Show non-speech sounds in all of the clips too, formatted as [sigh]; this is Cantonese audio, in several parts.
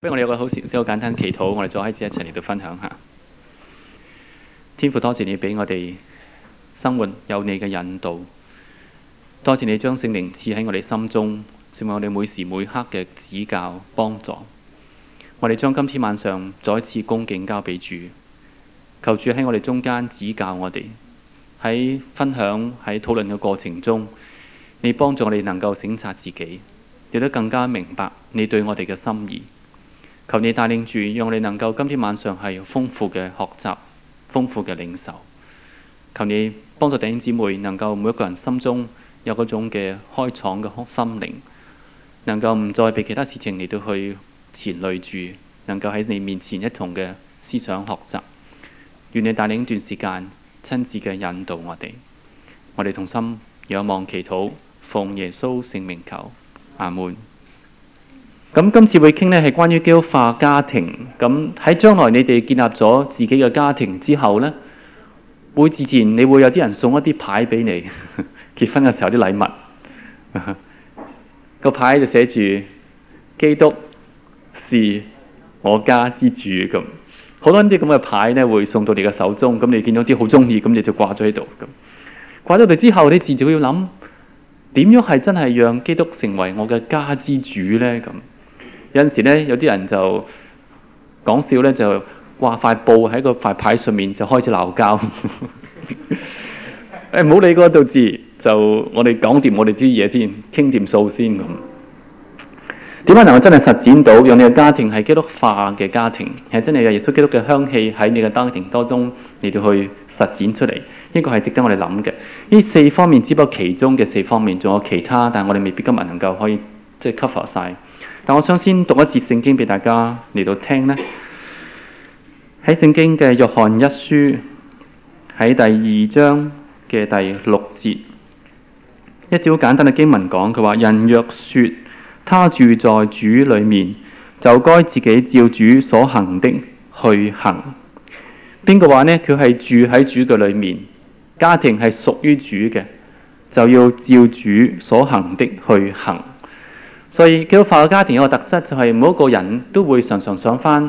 俾我哋有個好少少簡單祈禱，我哋再一次一齊嚟到分享下。天父，多謝你俾我哋生活有你嘅引導，多謝你將聖靈賜喺我哋心中，成為我哋每時每刻嘅指教幫助。我哋將今天晚上再一次恭敬交俾主，求主喺我哋中間指教我哋，喺分享、喺討論嘅過程中，你幫助我哋能夠省察自己，亦都更加明白你對我哋嘅心意。求你帶領住，讓我哋能夠今天晚上係豐富嘅學習，豐富嘅領受。求你幫助弟兄姊妹，能夠每一個人心中有嗰種嘅開創嘅心靈，能夠唔再被其他事情嚟到去纏累住，能夠喺你面前一同嘅思想學習。願你帶領一段時間，親自嘅引導我哋。我哋同心仰望祈禱，奉耶穌聖名求，阿門。咁今次會傾呢係關於基督化家庭。咁喺將來你哋建立咗自己嘅家庭之後呢，會自然你會有啲人送一啲牌俾你結婚嘅時候啲禮物。這個牌就寫住基督是我家之主咁。好多啲咁嘅牌呢會送到你嘅手中。咁你見到啲好中意，咁你就掛咗喺度。咁掛咗佢之後，你自然少要諗點樣係真係讓基督成為我嘅家之主呢？咁有時咧，有啲人就講笑咧，就掛塊布喺個塊牌上面，就開始鬧交。誒，唔好理嗰度字，就我哋講掂我哋啲嘢先，傾掂數先咁。點解能夠真係實踐到，讓你嘅家庭係基督化嘅家庭，係真係有耶穌基督嘅香氣喺你嘅家庭當中，你哋去實踐出嚟？呢個係值得我哋諗嘅。呢四方面只不過其中嘅四方面，仲有其他，但係我哋未必今日能夠可以即係 cover 晒。但我想先讀一節聖經俾大家嚟到聽呢，喺聖經嘅約翰一書喺第二章嘅第六節，一節好簡單嘅經文講，佢話人若說他住在主裏面，就該自己照主所行的去行。邊個話呢？佢係住喺主嘅裏面，家庭係屬於主嘅，就要照主所行的去行。所以基督化嘅家庭有一個特質，就係每一個人都會常常想翻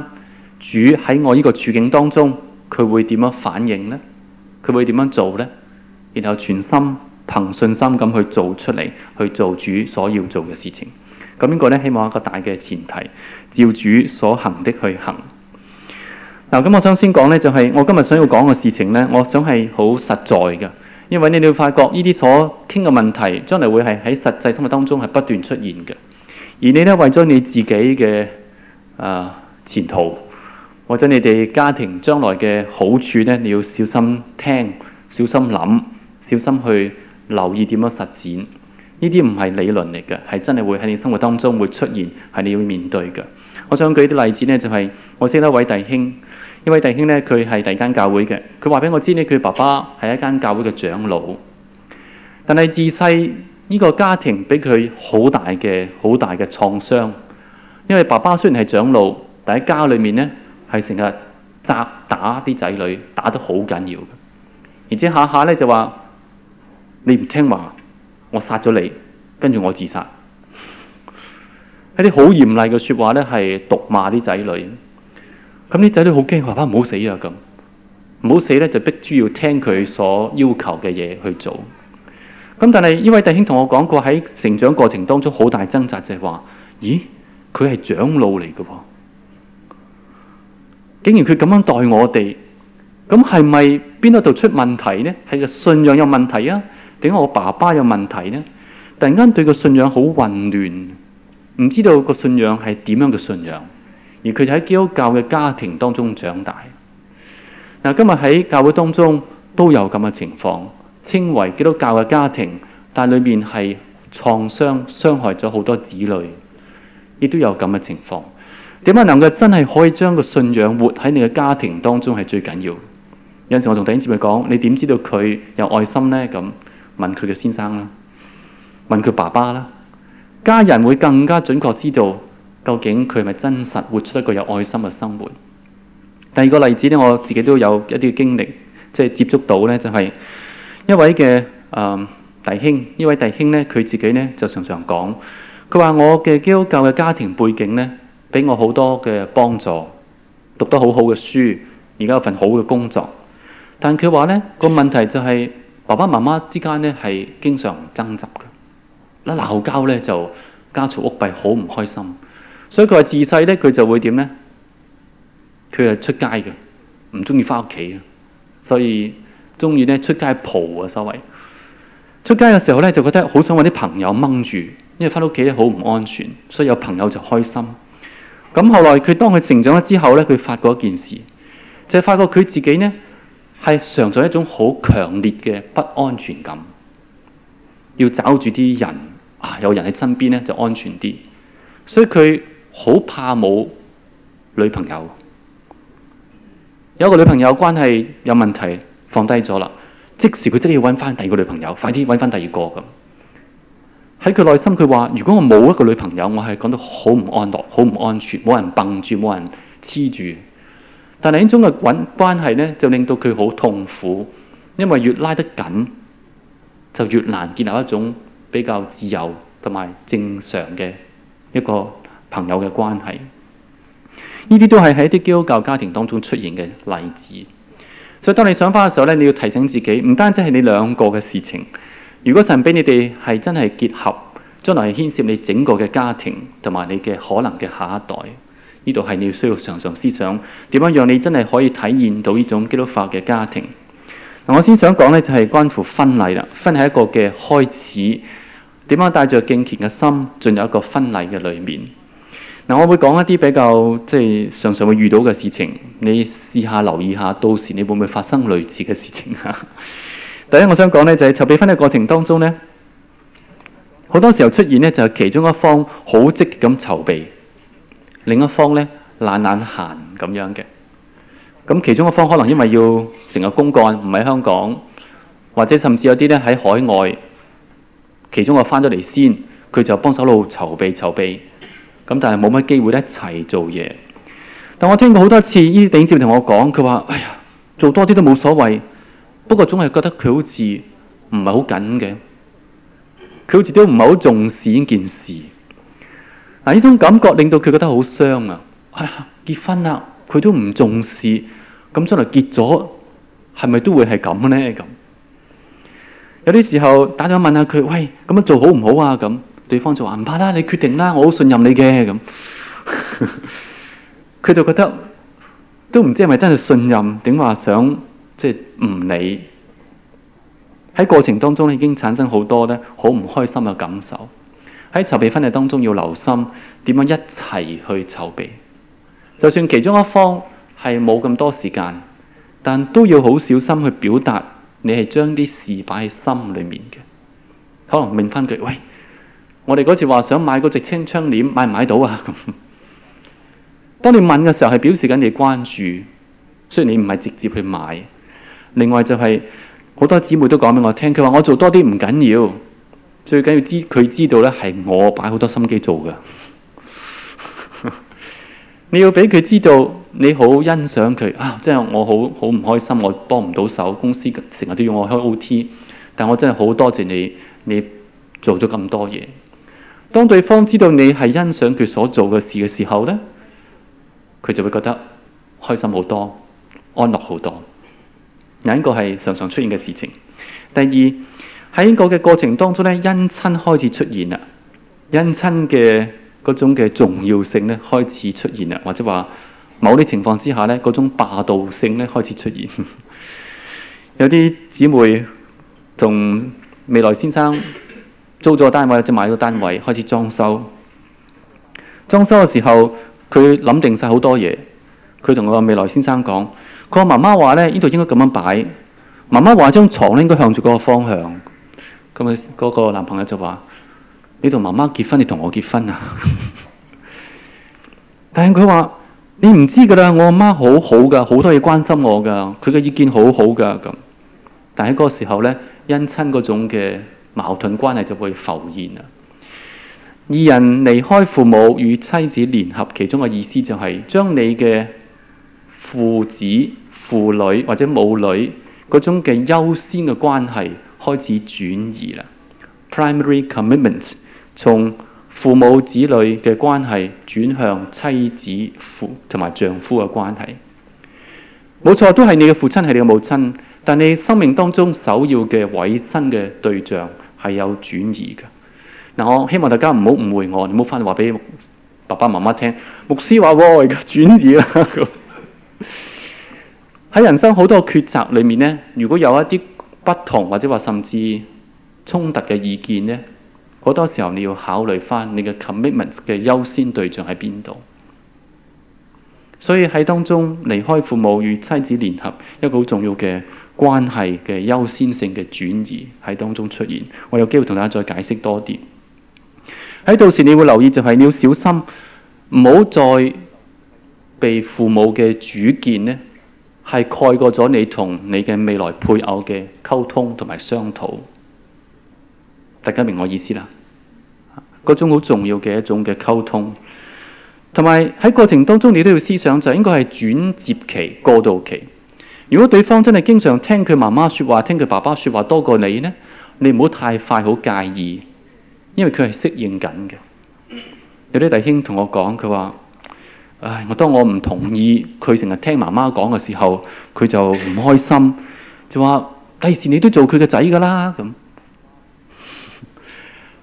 主喺我呢個處境當中，佢會點樣反應呢？佢會點樣做呢？然後全心憑信心咁去做出嚟，去做主所要做嘅事情。咁呢個呢，希望一個大嘅前提，照主所行的去行。嗱，咁我想先講呢，就係、是、我今日想要講嘅事情呢，我想係好實在嘅，因為你哋會發覺呢啲所傾嘅問題，將嚟會係喺實際生活當中係不斷出現嘅。而你咧，為咗你自己嘅啊、呃、前途，或者你哋家庭將來嘅好處咧，你要小心聽、小心諗、小心去留意點樣實踐。呢啲唔係理論嚟嘅，係真係會喺你生活當中會出現，係你要面對嘅。我想舉啲例子呢，就係、是、我識得一位弟兄，呢位弟兄呢，佢係第二間教會嘅，佢話俾我知呢，佢爸爸係一間教會嘅長老，但係自細。呢個家庭俾佢好大嘅、好大嘅創傷，因為爸爸雖然係長老，但喺家裏面咧係成日責打啲仔女，打得好緊要嘅。而且下下咧就話你唔聽話，我殺咗你，跟住我自殺。一啲好嚴厲嘅説話咧，係毒罵啲仔女。咁啲仔女好驚，爸爸唔好死啊！咁唔好死咧，就逼住要聽佢所要求嘅嘢去做。咁但係呢位弟兄同我講過，喺成長過程當中好大掙扎，就係話，咦佢係長老嚟噶，竟然佢咁樣待我哋，咁係咪邊一度出問題呢？係個信仰有問題啊？點解我爸爸有問題呢？突然間對個信仰好混亂，唔知道個信仰係點樣嘅信仰，而佢就喺基督教嘅家庭當中長大。嗱，今日喺教會當中都有咁嘅情況。稱為基督教嘅家庭，但係裏面係創傷傷害咗好多子女，亦都有咁嘅情況。點解能夠真係可以將個信仰活喺你嘅家庭當中係最緊要？有陣時我同弟兄姊妹講，你點知道佢有愛心呢？咁問佢嘅先生啦，問佢爸爸啦，家人會更加準確知道究竟佢係咪真實活出一個有愛心嘅生活。第二個例子呢，我自己都有一啲經歷，即係接觸到呢，就係。一位嘅誒、呃、弟兄，呢位弟兄咧，佢自己咧就常常講，佢話我嘅基督教嘅家庭背景咧，俾我好多嘅幫助，讀得好好嘅書，而家有份好嘅工作。但佢話咧個問題就係、是、爸爸媽媽之間咧係經常爭執嘅，一鬧交咧就家嘈屋閉，好唔開心。所以佢話自細咧佢就會點咧，佢係出街嘅，唔中意翻屋企啊，所以。中意咧出街蒲啊，收圍出街嘅時候咧就覺得好想揾啲朋友掹住，因為翻屋企好唔安全，所以有朋友就開心。咁後來佢當佢成長咗之後咧，佢發覺一件事，就係、是、發覺佢自己呢係嘗咗一種好強烈嘅不安全感，要找住啲人啊，有人喺身邊咧就安全啲，所以佢好怕冇女朋友，有一個女朋友關係有問題。放低咗啦！即使佢即要揾翻第二個女朋友，快啲揾翻第二個咁。喺佢內心，佢話：如果我冇一個女朋友，我係講得好唔安樂、好唔安全，冇人揼住、冇人黐住。但係呢種嘅滾關係呢，就令到佢好痛苦，因為越拉得緊，就越難建立一種比較自由同埋正常嘅一個朋友嘅關係。呢啲都係喺一啲基督教家庭當中出現嘅例子。所以當你想翻嘅時候咧，你要提醒自己，唔單止係你兩個嘅事情。如果神俾你哋係真係結合，將來係牽涉你整個嘅家庭同埋你嘅可能嘅下一代，呢度係你要需要常常思想點樣讓你真係可以體驗到呢種基督化嘅家庭。嗱，我先想講呢，就係關乎婚禮啦，婚係一個嘅開始，點樣帶著敬虔嘅心進入一個婚禮嘅裏面。嗱，我會講一啲比較即係常常會遇到嘅事情，你試下留意下，到時你會唔會發生類似嘅事情啊？ [laughs] 第一，我想講呢就係籌備婚嘅過程當中呢，好多時候出現呢就係其中一方好積極咁籌備，另一方呢懶懶閒咁樣嘅。咁其中一方可能因為要成日公幹唔喺香港，或者甚至有啲呢喺海外，其中個翻咗嚟先，佢就幫手攞籌備籌備。籌咁但係冇乜機會一齊做嘢。但我聽過好多次呢啲、這個、影子同我講，佢話：哎呀，做多啲都冇所謂，不過總係覺得佢好似唔係好緊嘅。佢好似都唔係好重視呢件事。嗱，呢種感覺令到佢覺得好傷啊！結婚啦，佢都唔重視。咁將來結咗，係咪都會係咁呢？咁有啲時候打電話問下佢：喂，咁樣做好唔好啊？咁對方就話唔怕啦，你決定啦，我好信任你嘅咁。佢 [laughs] 就覺得都唔知係咪真係信任，點話想，即係唔理，喺過程當中已經產生好多咧好唔開心嘅感受。喺籌備婚禮當中要留心點樣一齊去籌備，就算其中一方係冇咁多時間，但都要好小心去表達，你係將啲事擺喺心裡面嘅。可能問翻佢，喂，我哋嗰次話想買嗰隻青窗簾，買唔買到啊？咁， [laughs] 當你問嘅時候係表示緊你關注，雖然你唔係直接去買。另外就係、是、好多姊妹都講俾我聽，佢話我做多啲唔緊要，最緊要知佢知道咧係我擺好多心機做嘅。 [laughs] 你要俾佢知道你好欣賞佢啊！即係我好好唔開心，我幫唔到手，公司成日都要我開 OT，但我真係好多謝你，你做咗咁多嘢。當對方知道你係欣賞佢所做嘅事嘅時候咧，佢就會覺得開心好多，安樂好多。有一個係常常出現嘅事情。第二喺呢個嘅過程當中咧，姻親開始出現啦，姻親嘅嗰種嘅重要性咧開始出現啦，或者話某啲情況之下咧，嗰種霸道性咧開始出現。 [laughs] 有啲姊妹同未來先生，租咗個單位，即係買咗單位，開始裝修。裝修嘅時候，佢諗定曬好多嘢。佢同個未來先生講：佢話媽媽話咧，呢度應該咁樣擺。媽媽話張床咧應該向住嗰個方向。咁佢嗰個男朋友就話：你同媽媽結婚，你同我結婚啊？ [laughs] 但係佢話：你唔知噶啦，我阿媽好好噶，好多嘢關心我噶，佢嘅意見好好噶咁。但係喺嗰個時候咧，因親嗰種嘅。矛盾關係就會浮現啦。二人離開父母與妻子聯合，其中嘅意思就係將你嘅父子父女、或者母女嗰種嘅優先嘅關係開始轉移啦。Primary commitment 從父母子女嘅關係轉向妻子父同埋丈夫嘅關係。冇錯，都係你嘅父親係你嘅母親，但你生命當中首要嘅委身嘅對象。係有轉移噶。嗱，我希望大家唔好誤會我，你唔好翻嚟話俾爸爸媽媽聽。牧師話，我而家轉移啦。喺人生好多抉擇裏面呢，如果有一啲不同或者話甚至衝突嘅意見呢，好多時候你要考慮翻你嘅 commitments 嘅優先對象喺邊度。所以喺當中離開父母與妻子聯合一個好重要嘅。關係嘅優先性嘅轉移喺當中出現，我有機會同大家再解釋多啲。喺到時，你會留意就係你要小心，唔好再被父母嘅主見呢係蓋過咗你同你嘅未來配偶嘅溝通同埋商討。大家明我意思啦，嗰種好重要嘅一種嘅溝通，同埋喺過程當中你都要思想就應該係轉接期、過渡期。如果對方真係經常聽佢媽媽說話、聽佢爸爸說話多過你呢，你唔好太快好介意，因為佢係適應緊嘅。有啲弟兄同我講，佢話：唉，我當我唔同意佢成日聽媽媽講嘅時候，佢就唔開心，就話：哎，第時你都做佢嘅仔噶啦咁。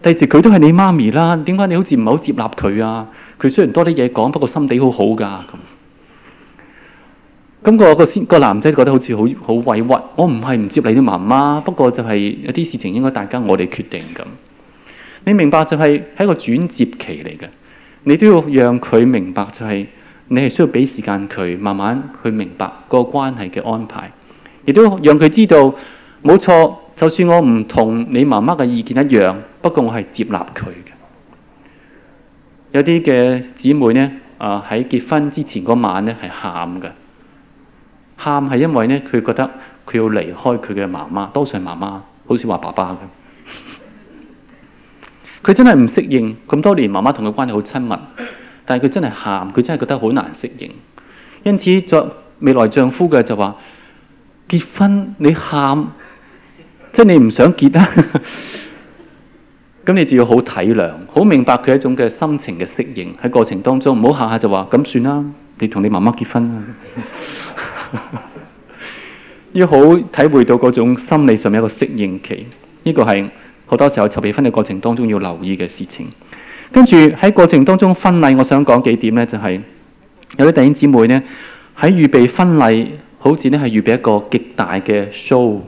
第時佢都係你媽咪啦，點解你好似唔係好接納佢啊？佢雖然多啲嘢講，不過心地好好噶咁。咁個先個男仔覺得好似好好委屈，我唔係唔接你啲媽媽，不過就係有啲事情應該大家我哋決定咁。你明白就係喺個轉折期嚟嘅，你都要讓佢明白就係你係需要俾時間佢慢慢去明白個關係嘅安排，亦都讓佢知道冇錯，就算我唔同你媽媽嘅意見一樣，不過我係接納佢嘅。有啲嘅姊妹呢，啊、呃、喺結婚之前嗰晚呢，係喊嘅。喊係因為咧，佢覺得佢要離開佢嘅媽媽，多數係媽媽，好似話爸爸嘅。佢 [laughs] 真係唔適應咁多年，媽媽同佢關係好親密，但係佢真係喊，佢真係覺得好難適應。因此，作未來丈夫嘅就話結婚，你喊即係你唔想結啦，啊。咁 [laughs] 你就要好體諒，好明白佢一種嘅心情嘅適應喺過程當中，唔好下下就話咁算啦，你同你媽媽結婚啊。 [laughs] [laughs] 要好體會到嗰種心理上面一個適應期，呢個係好多時候籌備婚禮過程當中要留意嘅事情。跟住喺過程當中婚禮，我想講幾點呢？就係有啲弟兄姊妹呢，喺預備婚禮，好似呢係預備一個極大嘅 show。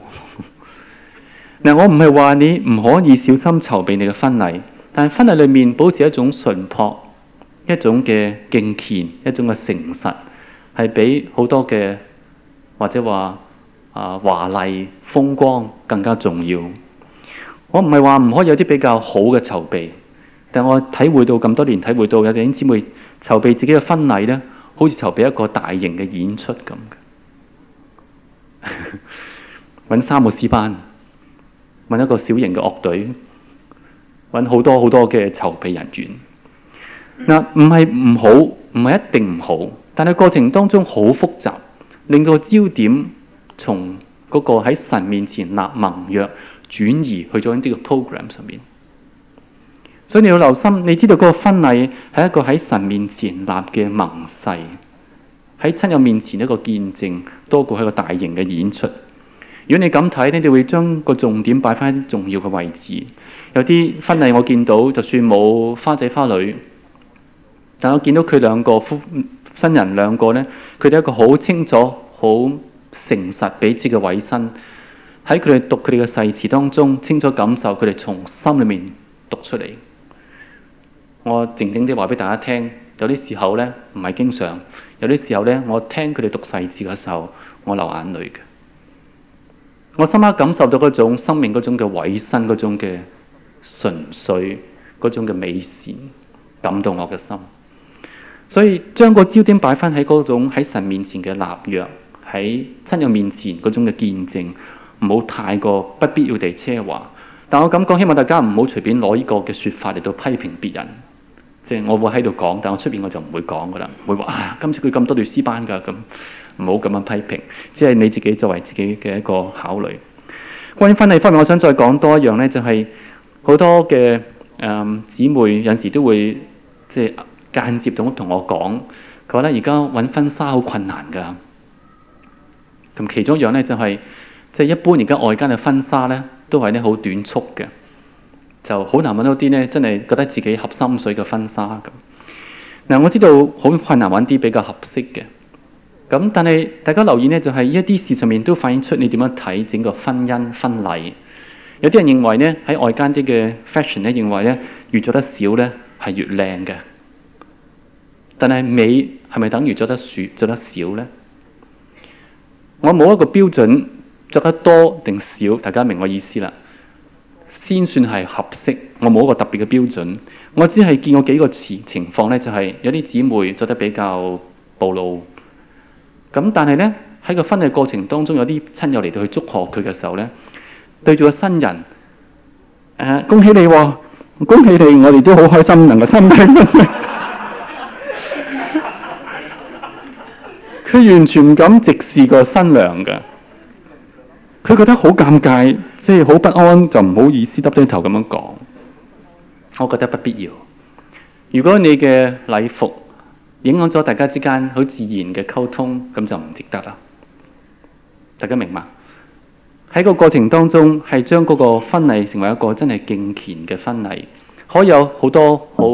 嗱， [laughs] 我唔係話你唔可以小心籌備你嘅婚禮，但係婚禮裏面保持一種淳樸、一種嘅敬虔、一種嘅誠實，係俾好多嘅。或者話啊，華麗風光更加重要，我唔係話唔可以有啲比較好嘅籌備，但我體會到咁多年，體會到有啲姊妹籌備自己嘅婚禮咧，好似籌備一個大型嘅演出咁嘅，揾 [laughs] 三個師班，揾一個小型嘅樂隊，揾好多好多嘅籌備人員。嗱、嗯，唔係唔好，唔係一定唔好，但係過程當中好複雜。令到焦點從嗰個喺神面前立盟約轉移去咗喺呢個 program 上面，所以你要留心，你知道嗰個婚禮係一個喺神面前立嘅盟誓，喺親友面前一個見證，多過係個大型嘅演出。如果你咁睇，你哋會將個重點擺翻喺重要嘅位置。有啲婚禮我見到就算冇花仔花女，但我見到佢兩個夫。新人兩個呢，佢哋一個好清楚、好誠實、彼此嘅委身。喺佢哋讀佢哋嘅誓詞當中，清楚感受佢哋從心裏面讀出嚟。我靜靜地話俾大家聽，有啲時候呢，唔係經常，有啲時候呢，我聽佢哋讀誓詞嘅時候，我流眼淚嘅。我深刻感受到嗰種生命嗰種嘅委身，嗰種嘅純粹，嗰種嘅美善，感動我嘅心。所以將個焦點擺翻喺嗰種喺神面前嘅立約，喺親友面前嗰種嘅見證，唔好太過不必要地奢華。但我咁講，希望大家唔好隨便攞呢個嘅説法嚟到批評別人。即係我會喺度講，但我出邊我就唔會講噶啦，唔會話啊今次佢咁多條黐班㗎咁，唔好咁樣批評，只係你自己作為自己嘅一個考慮。關於婚禮方面，我想再講多一樣呢，就係好多嘅誒姊妹有時都會即係。間接咁同我講，佢話咧：而家揾婚紗好困難㗎，咁其中一樣咧就係即係一般而家外間嘅婚紗咧，都係咧好短促嘅，就好難揾到啲咧真係覺得自己合心水嘅婚紗咁。嗱，我知道好困難揾啲比較合適嘅，咁但係大家留意呢，就係呢，一啲事上面都反映出你點樣睇整個婚姻婚禮。有啲人認為呢，喺外間啲嘅 fashion 咧，認為咧越做得少咧係越靚嘅。但係美係咪等於着得少着得少咧？我冇一個標準，着得多定少，大家明我意思啦。先算係合適，我冇一個特別嘅標準。我只係見過幾個情情況咧，就係、是、有啲姊妹着得比較暴露。咁但係呢，喺個婚禮過程當中，有啲親友嚟到去祝賀佢嘅時候呢，對住個新人，呃、恭喜你，哦，恭喜你，我哋都好開心能夠參加。 [laughs] 佢完全唔敢直視個新娘㗎，佢覺得好尷尬，即係好不安，就唔好意思耷低頭咁樣講。我覺得不必要。如果你嘅禮服影響咗大家之間好自然嘅溝通，咁就唔值得啦。大家明嘛？喺個過程當中係將嗰個婚禮成為一個真係敬虔嘅婚禮，可以有好多好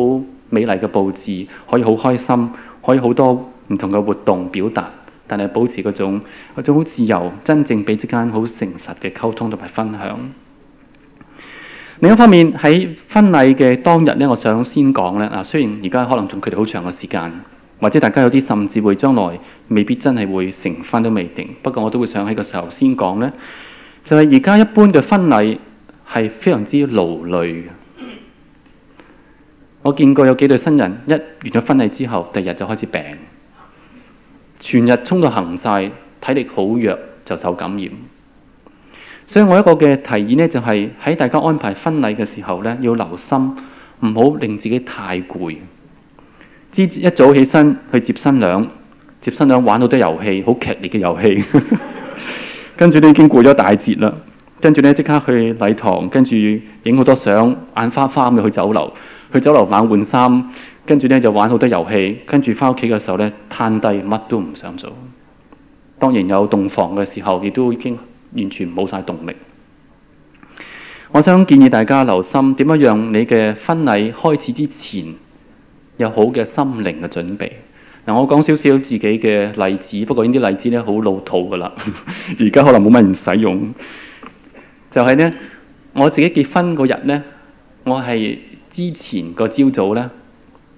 美麗嘅佈置，可以好開心，可以好多。唔同嘅活動表達，但係保持嗰種好自由，真正彼此之間好誠實嘅溝通同埋分享。另一方面喺婚禮嘅當日呢，我想先講呢：嗱，雖然而家可能仲距離好長嘅時間，或者大家有啲甚至會將來未必真係會成婚都未定，不過我都會想喺個時候先講呢：就係而家一般嘅婚禮係非常之勞累嘅。我見過有幾對新人一完咗婚禮之後，第二日就開始病。全日衝到行晒，體力好弱就受感染。所以我一個嘅提議呢，就係喺大家安排婚禮嘅時候呢，要留心，唔好令自己太攰。之一早起身去接新娘，接新娘玩好多遊戲，好劇烈嘅遊戲。跟住呢已經攰咗大節啦，跟住呢，即刻去禮堂，跟住影好多相，眼花花咁去酒樓，去酒樓玩換衫。跟住咧就玩好多遊戲，跟住翻屋企嘅時候咧攤低，乜都唔想做。當然有洞房嘅時候，亦都已經完全冇晒動力。我想建議大家留心點樣讓你嘅婚禮開始之前有好嘅心靈嘅準備。嗱、嗯，我講少少自己嘅例子，不過呢啲例子咧好老土噶啦，而 [laughs] 家可能冇乜人使用。就係、是、呢。我自己結婚嗰日呢，我係之前個朝早呢。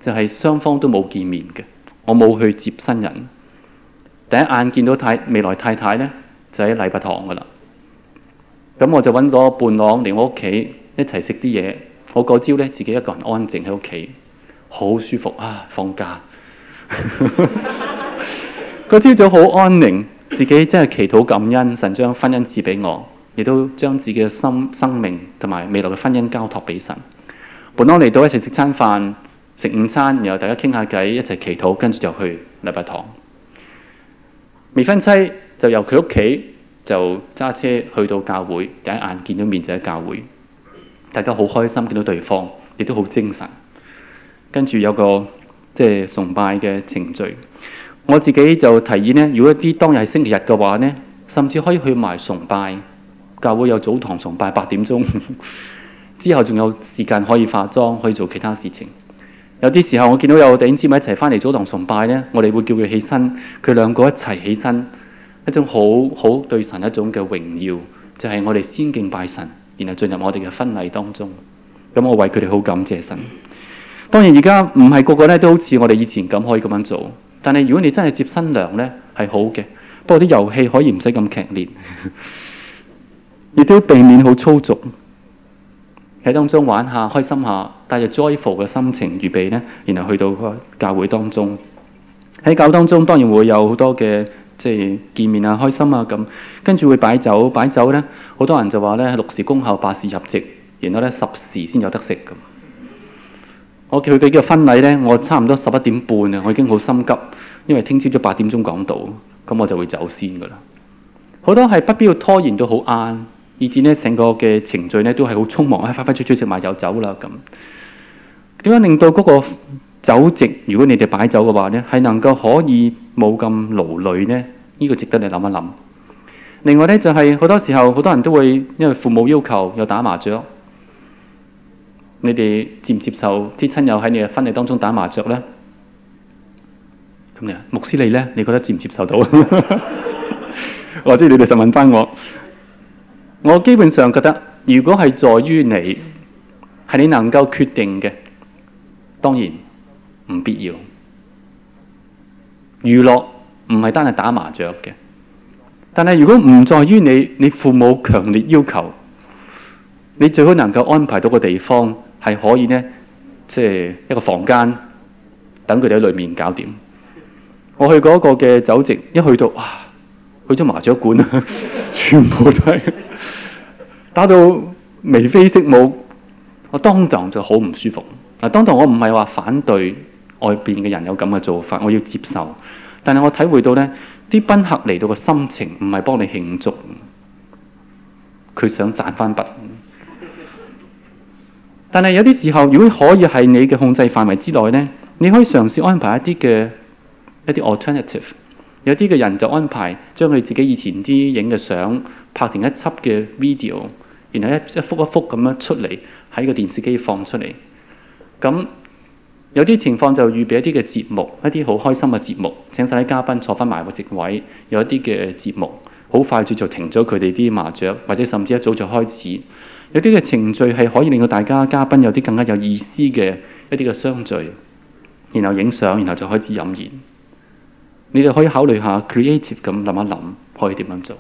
就係雙方都冇見面嘅，我冇去接新人。第一眼見到太未來太太呢，就喺禮拜堂噶啦。咁我就揾咗伴郎嚟我屋企一齊食啲嘢。我嗰朝呢，自己一個人安靜喺屋企，好舒服啊！放假，嗰朝早好安寧，自己真係祈禱感恩，神將婚姻賜俾我，亦都將自己嘅心生、生命同埋未來嘅婚姻交託俾神。伴郎嚟到一齊食餐飯。食午餐，然後大家傾下偈，一齊祈禱，跟住就去禮拜堂。未婚妻就由佢屋企就揸車去到教會，第一眼見到面就喺教會，大家好開心，見到對方亦都好精神。跟住有個即係、就是、崇拜嘅程序，我自己就提議呢，如果一啲當日係星期日嘅話呢，甚至可以去埋崇拜。教會有早堂崇拜，八點鐘 [laughs] 之後仲有時間可以化妝，可以做其他事情。有啲時候，我見到有弟兄姊妹一齊翻嚟祖堂崇拜咧，我哋會叫佢起身，佢兩個一齊起，起身，一種好好對神一種嘅榮耀，就係我哋先敬拜神，然後進入我哋嘅婚禮當中。咁我為佢哋好感謝神。當然而家唔係個個咧都好似我哋以前咁可以咁樣做，但係如果你真係接新娘咧係好嘅，不過啲遊戲可以唔使咁劇烈，亦都避免好粗俗。喺當中玩下開心下，帶着 joyful 嘅心情預備呢。然後去到個教會當中。喺教會當中當然會有好多嘅即係見面啊、開心啊咁，跟住會擺酒，擺酒呢，好多人就話呢，六時恭候八時入席，然後呢，十時先有得食咁。我叫佢哋嘅婚禮呢，我差唔多十一點半啊，我已經好心急，因為聽朝早八點鐘講到，咁我就會走先噶啦。好多係不必要拖延到好晏。以至呢成個嘅程序呢，都係好匆忙，啊，快快脆脆食埋就走啦咁。點樣令到嗰個酒席，如果你哋擺酒嘅話呢，係能夠可以冇咁勞累呢？呢、呢個值得你諗一諗。另外呢，就係、係、好多時候，好多人都會因為父母要求有打麻雀，你哋接唔接受啲親友喺你嘅婚禮當中打麻雀呢？咁啊，牧師你呢？你覺得接唔接受到？或 [laughs] 者你哋實問翻我。我基本上覺得，如果係在於你，係你能夠決定嘅，當然唔必要。娛樂唔係單係打麻雀嘅，但係如果唔在於你，你父母強烈要求，你最好能夠安排到個地方，係可以呢，即係一個房間，等佢哋喺裏面搞掂。我去嗰個嘅酒席，一去到啊，去咗麻雀館啊， [laughs] 全部都係。打到眉飛色舞，我當堂就好唔舒服。啊，當堂我唔係話反對外邊嘅人有咁嘅做法，我要接受。但係我體會到呢啲賓客嚟到嘅心情唔係幫你慶祝，佢想賺返筆。但係有啲時候，如果可以喺你嘅控制範圍之內呢，你可以嘗試安排一啲嘅一啲 alternative。有啲嘅人就安排將佢自己以前啲影嘅相拍成一輯嘅 video。然後一一幅一幅咁樣出嚟喺個電視機放出嚟，咁有啲情況就預備一啲嘅節目，一啲好開心嘅節目，請晒啲嘉賓坐翻埋個席位。有一啲嘅節目好快脆就停咗佢哋啲麻雀，或者甚至一早就開始。有啲嘅程序係可以令到大家嘉賓有啲更加有意思嘅一啲嘅相聚，然後影相，然後就開始飲宴。你哋可以考慮下 creative 咁諗一諗，可以點樣做？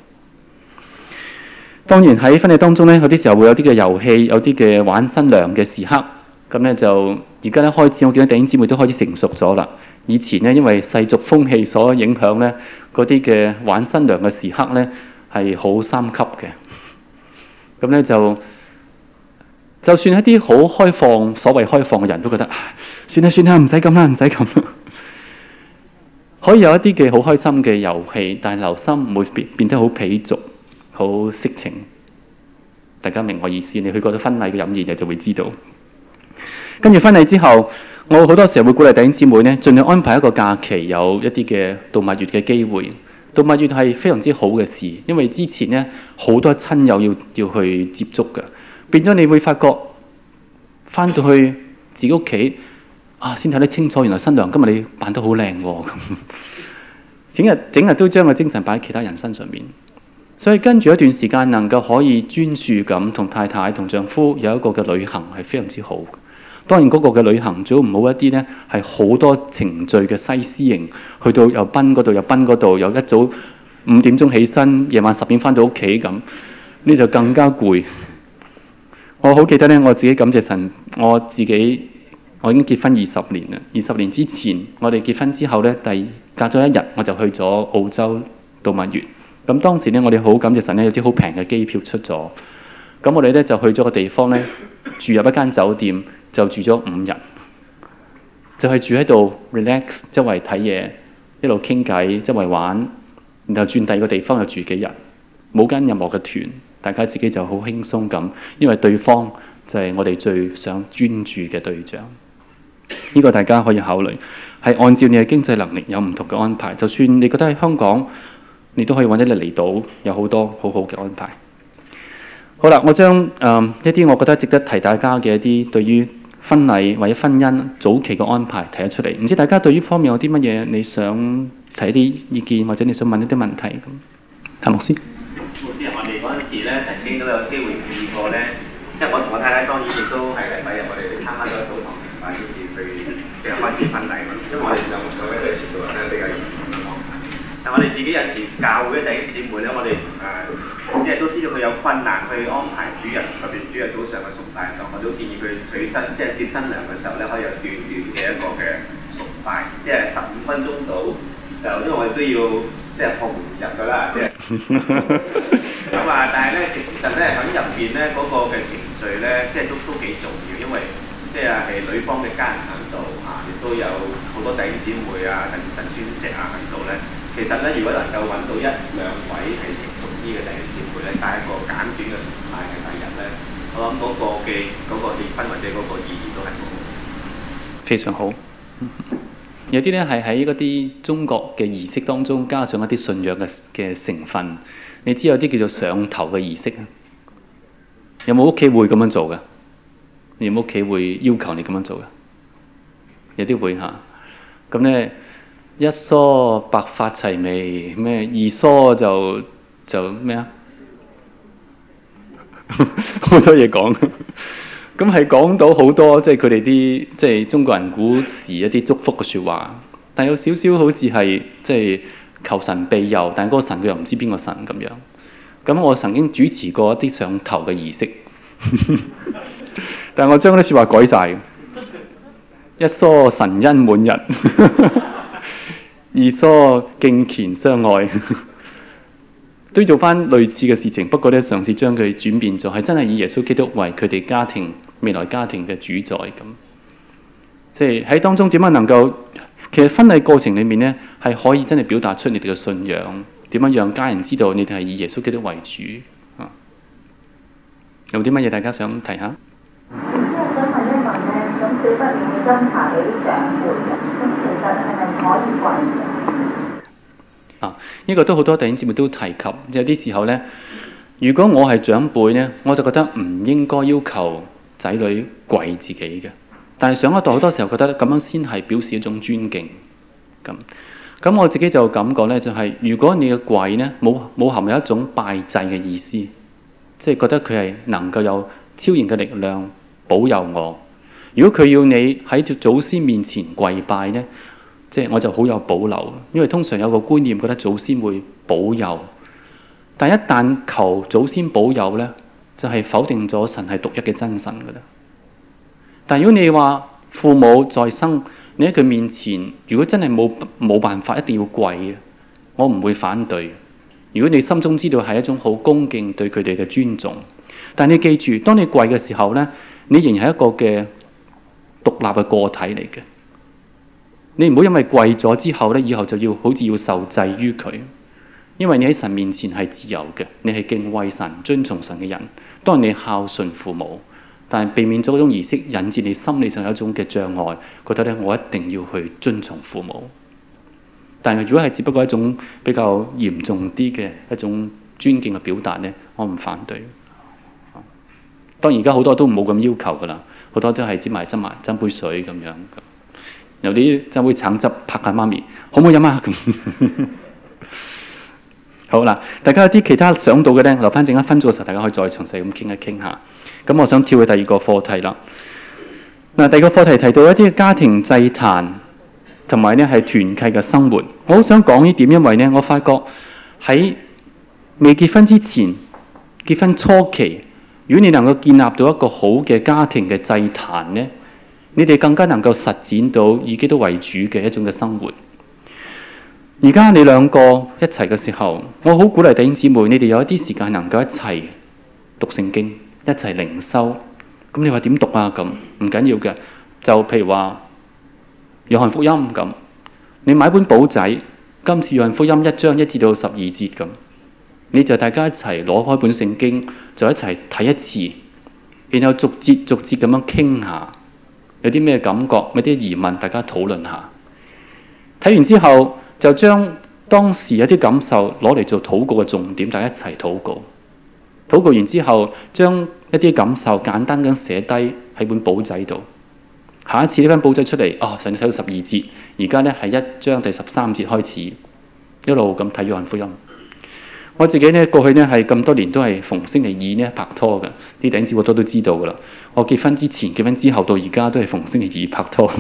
當然喺婚禮當中咧，有啲時候會有啲嘅遊戲，有啲嘅玩新娘嘅時刻，咁咧就而家咧開始，我見到弟兄姊妹都開始成熟咗啦。以前呢，因為世俗風氣所影響咧，嗰啲嘅玩新娘嘅時刻咧係好三級嘅。咁咧就就算一啲好開放，所謂開放嘅人都覺得，算啦算啦，唔使咁啦，唔使咁。 [laughs] 可以有一啲嘅好開心嘅遊戲，但係留心唔會變變得好鄙俗。好色情，大家明我意思。你去過咗婚禮嘅飲宴，你就會知道。跟住婚禮之後，我好多時候會鼓勵弟兄姊妹呢，盡量安排一個假期，有一啲嘅度蜜月嘅機會。度蜜月係非常之好嘅事，因為之前呢，好多親友要要去接觸嘅，變咗你會發覺翻到去自己屋企啊，先睇得清楚，原來新娘今日你扮得好靚喎。整日整日都將個精神擺喺其他人身上面。所以跟住一段時間，能夠可以專注咁同太太同丈夫有一個嘅旅行，係非常之好。當然嗰個嘅旅行最好唔好一啲呢，係好多程序嘅西施型，去到由賓嗰度，由賓嗰度又一早五點鐘起身，夜晚十點返到屋企咁，呢就更加攰。我好記得呢，我自己感謝神，我自己我已經結婚二十年啦。二十年之前，我哋結婚之後呢，第隔咗一日我就去咗澳洲度蜜月。咁當時咧，我哋好感謝神咧，有啲好平嘅機票出咗。咁我哋咧就去咗個地方咧，住入一間酒店，就住咗五日。就係住喺度 relax，周圍睇嘢，一路傾偈，周圍玩。然後轉第二個地方又住幾日，冇跟任何嘅團，大家自己就好輕鬆咁。因為對方就係我哋最想專注嘅對象。呢個大家可以考慮，係按照你嘅經濟能力有唔同嘅安排。就算你覺得喺香港，你都可以揾啲嚟嚟到，有好多好好嘅安排。好啦，我將誒一啲我覺得值得提大家嘅一啲對於婚禮或者婚姻早期嘅安排提咗出嚟。唔知大家對於方面有啲乜嘢你想提一啲意見，或者你想問一啲問題咁，係咪先？我哋嗰陣時咧曾經都有機會試過咧，因為我同我太太當然亦都係嚟我哋參加咗一組堂，但去嘅開始婚禮，因為我哋就但我哋自己人前教會嘅弟兄姊妹咧，我哋誒、呃、即係都知道佢有困難，去安排主任特別主任早上嘅崇拜，我都建議佢娶新即係接新娘嘅時候咧，可以有短短嘅一個嘅崇拜，即係十五分鐘到。就因為我哋都要即係破門而入嘅啦，即係咁 [laughs] 啊！但係咧，其實咧喺入邊咧嗰個嘅程序咧，即係都都幾重要，因為即係係女方嘅家人喺度啊，亦都有好多弟兄姊妹啊、等等親戚啊喺度咧。其實咧，如果能夠揾到一兩位係成熟啲嘅弟兄姊妹咧，帶一個簡短嘅崇拜嘅第一日咧，我諗嗰個嘅嗰、嗰個結婚或者嗰個意義都係好好。非常好。 [laughs] 有啲咧係喺嗰啲中國嘅儀式當中，加上一啲信仰嘅嘅成分。你知有啲叫做上頭嘅儀式啊？ [laughs] 有冇屋企會咁樣做嘅？你有冇屋企會要求你咁樣做嘅？有啲會嚇。咁、啊、咧。一梳白髮齊眉，咩？二梳就就咩啊？好 [laughs] 多嘢講，咁係講到好多，即係佢哋啲即係中國人古時一啲祝福嘅説話，但有少少好似係即係求神庇佑，但嗰個神佢又唔知邊個神咁樣。咁我曾經主持過一啲上頭嘅儀式， [laughs] 但我將啲説話改晒。一梳神恩滿日。 [laughs] 以疏敬虔相愛， [laughs] 都要做翻類似嘅事情。不過呢，嘗試將佢轉變咗，係真係以耶穌基督為佢哋家庭未來家庭嘅主宰咁。即係喺當中點樣能夠？其實婚禮過程裡面呢，係可以真係表達出你哋嘅信仰。點樣讓家人知道你哋係以耶穌基督為主啊？有啲乜嘢大家想提下？唔知我想問一問咧，咁最方啊！呢個都好多電影節目都提及，有啲時候呢。如果我係長輩呢，我就覺得唔應該要求仔女跪自己嘅。但係上一代好多時候覺得咁樣先係表示一種尊敬。咁咁我自己就感覺呢，就係如果你嘅跪呢，冇冇含有一種拜祭嘅意思，即係覺得佢係能夠有超然嘅力量保佑我。如果佢要你喺祖先面前跪拜呢。即係我就好有保留，因為通常有個觀念覺得祖先會保佑，但一旦求祖先保佑咧，就係否定咗神係獨一嘅真神噶啦。但如果你話父母在生，你喺佢面前，如果真係冇冇辦法一定要跪，啊，我唔會反對。如果你心中知道係一種好恭敬對佢哋嘅尊重，但你記住，當你跪嘅時候咧，你仍然係一個嘅獨立嘅個體嚟嘅。你唔好因為跪咗之後咧，以後就要好似要受制於佢，因為你喺神面前係自由嘅，你係敬畏神、遵從神嘅人。當然你孝順父母，但係避免咗嗰種儀式，引致你心理上有一種嘅障礙，覺得咧我一定要去遵從父母。但係如果係只不過一種比較嚴重啲嘅一種尊敬嘅表達咧，我唔反對。當然而家好多都冇咁要求噶啦，好多都係只埋斟埋斟杯水咁樣。有啲就會橙汁拍下媽咪，好唔好飲啊？ [laughs] 好啦，大家有啲其他想到嘅咧，留翻陣間分組嘅時候大家可以再詳細咁傾一傾下。咁、嗯、我想跳去第二個課題啦。嗱，第二個課題提到一啲家庭祭壇同埋咧係團契嘅生活，我好想講呢點，因為咧我發覺喺未結婚之前、結婚初期，如果你能夠建立到一個好嘅家庭嘅祭壇咧。你哋更加能夠實踐到以基督為主嘅一種嘅生活。而家你兩個一齊嘅時候，我好鼓勵弟兄姊妹，你哋有一啲時間能夠一齊讀聖經，一齊靈修。咁你話點讀啊？咁唔緊要嘅，就譬如話約翰福音咁，你買本簿仔，今次約翰福音一章一至到十二節咁，你就大家一齊攞開本聖經，就一齊睇一次，然後逐節逐節咁樣傾下。有啲咩感覺？有啲疑問，大家討論下。睇完之後，就將當時有啲感受攞嚟做禱告嘅重點，大家一齊禱告。禱告完之後，將一啲感受簡單咁寫低喺本簿仔度。下一次呢份簿仔出嚟，哦，上次睇到十二節，而家呢係一章第十三節開始，一路咁睇約翰福音。我自己呢，過去呢係咁多年都係逢星期二呢拍拖嘅，啲頂子我都都知道噶啦。我結婚之前、結婚之後到而家都係逢星期二拍拖。 [laughs]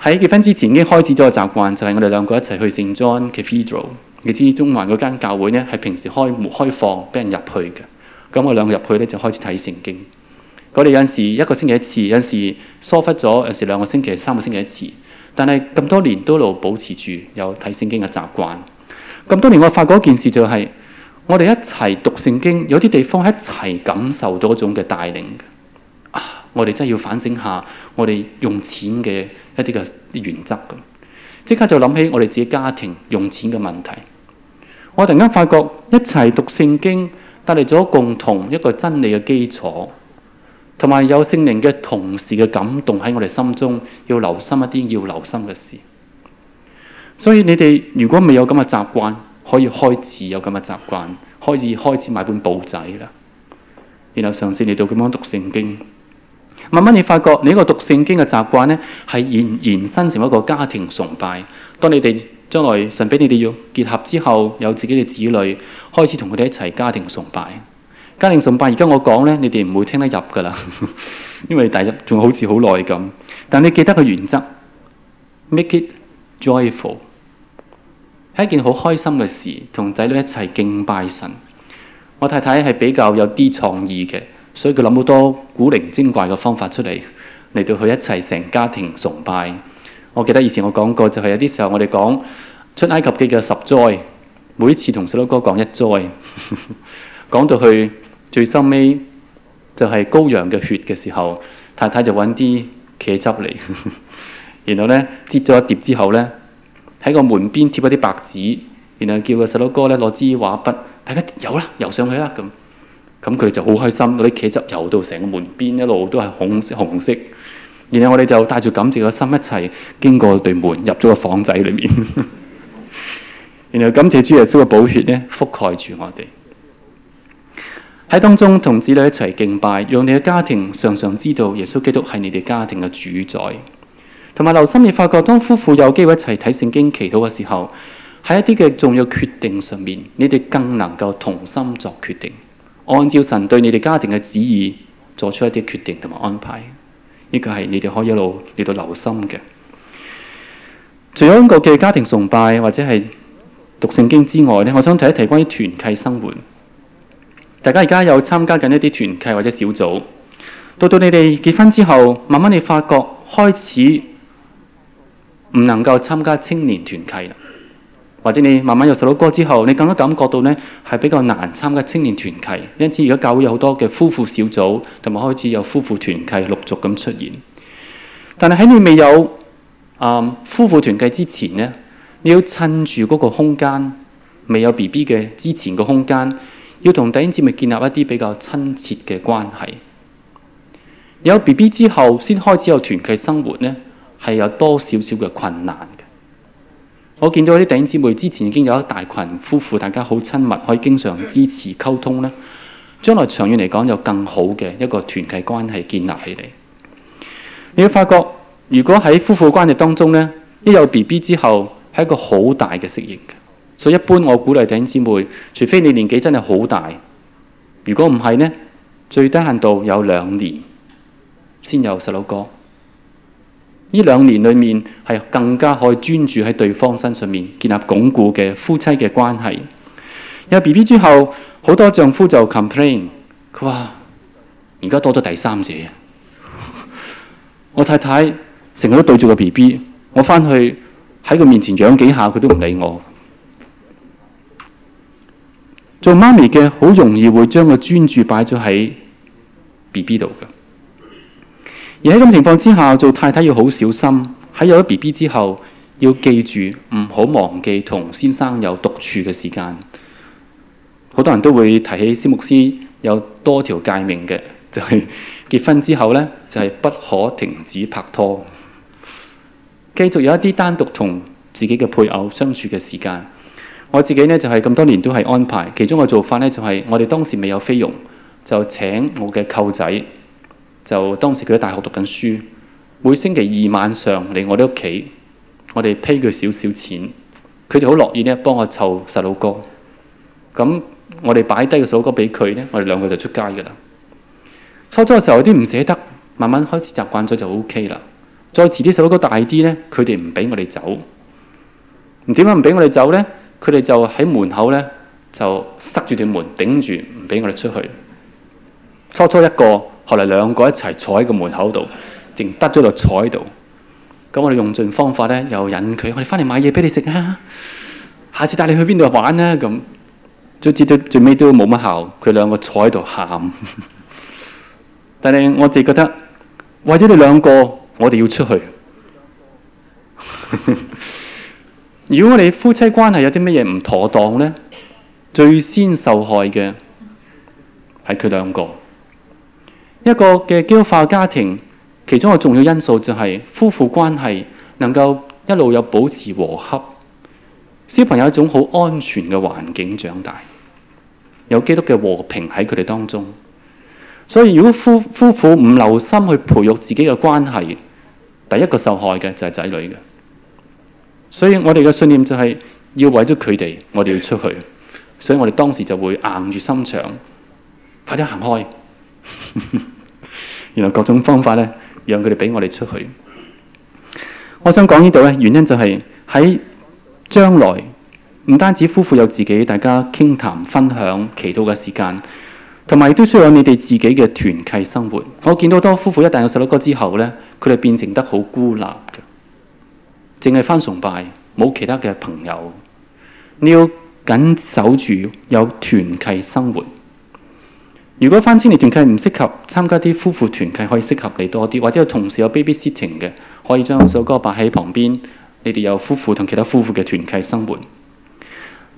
喺結婚之前已經開始咗個習慣，就係我哋兩個一齊去聖 John Cathedral 你知中環嗰間教會呢，係平時開門開放俾人入去嘅，咁我兩個入去呢，就開始睇聖經。我哋有陣時一個星期一次，有陣時疏忽咗，有陣時兩個星期、三個星期一次。但係咁多年都度保持住有睇聖經嘅習慣。咁多年我發覺一件事就係、是。我哋一齊讀聖經，有啲地方一齊感受到一種嘅帶領。啊，我哋真係要反省下，我哋用錢嘅一啲嘅原則。即刻就諗起我哋自己家庭用錢嘅問題。我突然間發覺，一齊讀聖經帶嚟咗共同一個真理嘅基礎，同埋有聖靈嘅同時嘅感動喺我哋心中，要留心一啲要留心嘅事。所以你哋如果未有咁嘅習慣，可以開始有咁嘅習慣，開始開始買本簿仔啦。然後，嘗試嚟到咁樣讀聖經，慢慢你發覺你個讀聖經嘅習慣呢，係延延伸成一個家庭崇拜。當你哋將來神俾你哋要結合之後，有自己嘅子女，開始同佢哋一齊家庭崇拜。家庭崇拜而家我講呢，你哋唔會聽得入噶啦， [laughs] 因為第一仲好似好耐咁。但你記得個原則，make it joyful。係一件好開心嘅事，同仔女一齊敬拜神。我太太係比較有啲創意嘅，所以佢諗好多古靈精怪嘅方法出嚟，嚟到佢一齊成家庭崇拜。我記得以前我講過，就係、是、有啲時候我哋講出埃及記嘅十災，每次同細佬哥講一災，講 [laughs] 到去最收尾就係羔羊嘅血嘅時候，太太就揾啲茄汁嚟， [laughs] 然後呢，擠咗一碟之後呢。喺個門邊貼一啲白紙，然後叫個細佬哥咧攞支畫筆，大家油啦，游上去啦咁，咁佢就好開心，嗰啲茄汁游到成個門邊，一路都係紅色，紅色。然後我哋就帶住感謝嘅心一齊經過對門，入咗個房仔裏面。 [laughs] 然後感謝主耶穌嘅寶血咧，覆蓋住我哋。喺當中同子女一齊敬拜，讓你嘅家庭常常知道耶穌基督係你哋家庭嘅主宰。同埋留心，你發覺當夫婦有機會一齊睇聖經祈禱嘅時候，喺一啲嘅重要決定上面，你哋更能夠同心作決定，按照神對你哋家庭嘅旨意，做出一啲決定同埋安排。呢、這個係你哋可以一路嚟到留心嘅。除咗呢個嘅家庭崇拜或者係讀聖經之外咧，我想提一提關於團契生活。大家而家有參加緊一啲團契或者小組，到到你哋結婚之後，慢慢你發覺開始。唔能夠參加青年團契啦，或者你慢慢有細佬哥之後，你更加感覺到呢係比較難參加青年團契。因此，而家教會有好多嘅夫婦小組，同埋開始有夫婦團契陸續咁出現。但係喺你未有啊、嗯、夫婦團契之前呢，你要趁住嗰個空間未有 B B 嘅之前個空間，要同弟兄姊妹建立一啲比較親切嘅關係。有 B B 之後，先開始有團契生活呢，係有多少少嘅困難嘅？我見到啲頂姊妹之前已經有一大群夫婦，大家好親密，可以經常支持溝通咧，將來長遠嚟講，有更好嘅一個團契關係建立起嚟。你會發覺，如果喺夫婦關係當中咧，一有 BB 之後係一個好大嘅適應嘅。所以一般我鼓勵頂姊妹，除非你年紀真係好大，如果唔係呢，最低限度有兩年先有細佬哥。呢兩年裏面係更加可以專注喺對方身上面，建立鞏固嘅夫妻嘅關係。有 B B 之後，好多丈夫就 complain，佢話：而家多咗第三者。 [laughs] 我太太成日都對住個 B B，我返去喺佢面前養幾下，佢都唔理我。做媽咪嘅好容易會將個專注擺咗喺 B B 度嘅。而喺咁情況之下，做太太要好小心。喺有咗 BB 之後，要記住唔好忘記同先生有獨處嘅時間。好多人都會提起斯牧師有多條誡命嘅，就係結婚之後呢，就係不可停止拍拖，繼續有一啲單獨同自己嘅配偶相處嘅時間。我自己呢，就係咁多年都係安排，其中嘅做法呢，就係我哋當時未有菲傭，就請我嘅舅仔。就當時佢喺大學讀緊書，每星期二晚上嚟我哋屋企，我哋批佢少少錢，佢就好樂意咧幫我湊細佬哥。咁我哋擺低個細佬哥俾佢咧，我哋兩個就出街噶啦。初初嘅時候有啲唔捨得，慢慢開始習慣咗就 OK 啦。再遲啲細佬哥大啲咧，佢哋唔俾我哋走。點解唔俾我哋走咧？佢哋就喺門口咧就塞住條門，頂住唔俾我哋出去。初初一個。後來兩個一齊坐喺個門口度，淨得咗度坐喺度。咁我哋用盡方法咧，又引佢，我哋翻嚟買嘢俾你食啊！下次帶你去邊度玩啊？咁，最至最尾都冇乜效，佢兩個坐喺度喊。 [laughs] 但係我自己覺得，為咗你兩個，我哋要出去。 [laughs] 如果我哋夫妻關係有啲乜嘢唔妥當咧，最先受害嘅係佢兩個。一個嘅基督化家庭，其中一個重要因素就係夫婦關係能夠一路有保持和洽。小朋友一種好安全嘅環境長大，有基督嘅和平喺佢哋當中。所以如果夫夫婦唔留心去培育自己嘅關係，第一個受害嘅就係仔女嘅。所以我哋嘅信念就係要為咗佢哋，我哋要出去。所以我哋當時就會硬住心腸，快啲行開。 [laughs] 原來各種方法咧，讓佢哋俾我哋出去。我想講呢度咧，原因就係喺將來，唔單止夫婦有自己大家傾談、分享、祈禱嘅時間，同埋都需要有你哋自己嘅團契生活。我見到多夫婦一旦有細佬哥之後咧，佢哋變成得好孤立嘅，淨係翻崇拜，冇其他嘅朋友。你要緊守住有團契生活。如果翻青年團契唔適合參加啲夫婦團契，可以適合你多啲，或者有同事有 baby sitting 嘅，可以將首歌擺喺旁邊。你哋有夫婦同其他夫婦嘅團契生活。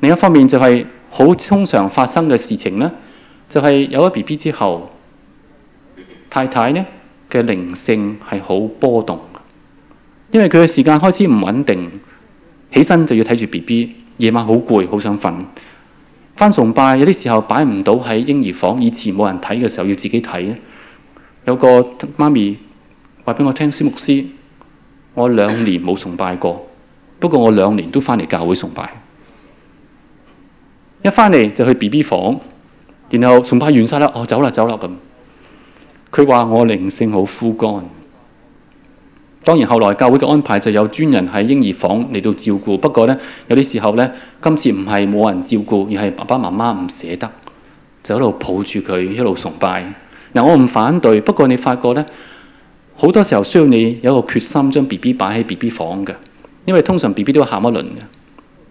另一方面就係、是、好通常發生嘅事情呢，就係、是、有咗 B B 之後，太太呢，佢嘅靈性係好波動，因為佢嘅時間開始唔穩定，起身就要睇住 B B，夜晚好攰，好想瞓。翻崇拜有啲時候擺唔到喺嬰兒房，以前冇人睇嘅時候要自己睇。有個媽咪話俾我聽，蕭牧師，我兩年冇崇拜過，不過我兩年都翻嚟教會崇拜。一翻嚟就去 B B 房，然後崇拜完晒啦，哦，走啦，走啦咁。佢話我靈性好枯乾。當然後來教會嘅安排就有專人喺嬰兒房嚟到照顧。不過呢，有啲時候呢，今次唔係冇人照顧，而係爸爸媽媽唔捨得，就喺度抱住佢一路崇拜。嗱、嗯，我唔反對，不過你發覺呢，好多時候需要你有一個決心，將 B B 擺喺 B B 房嘅，因為通常 B B 都會喊一輪嘅。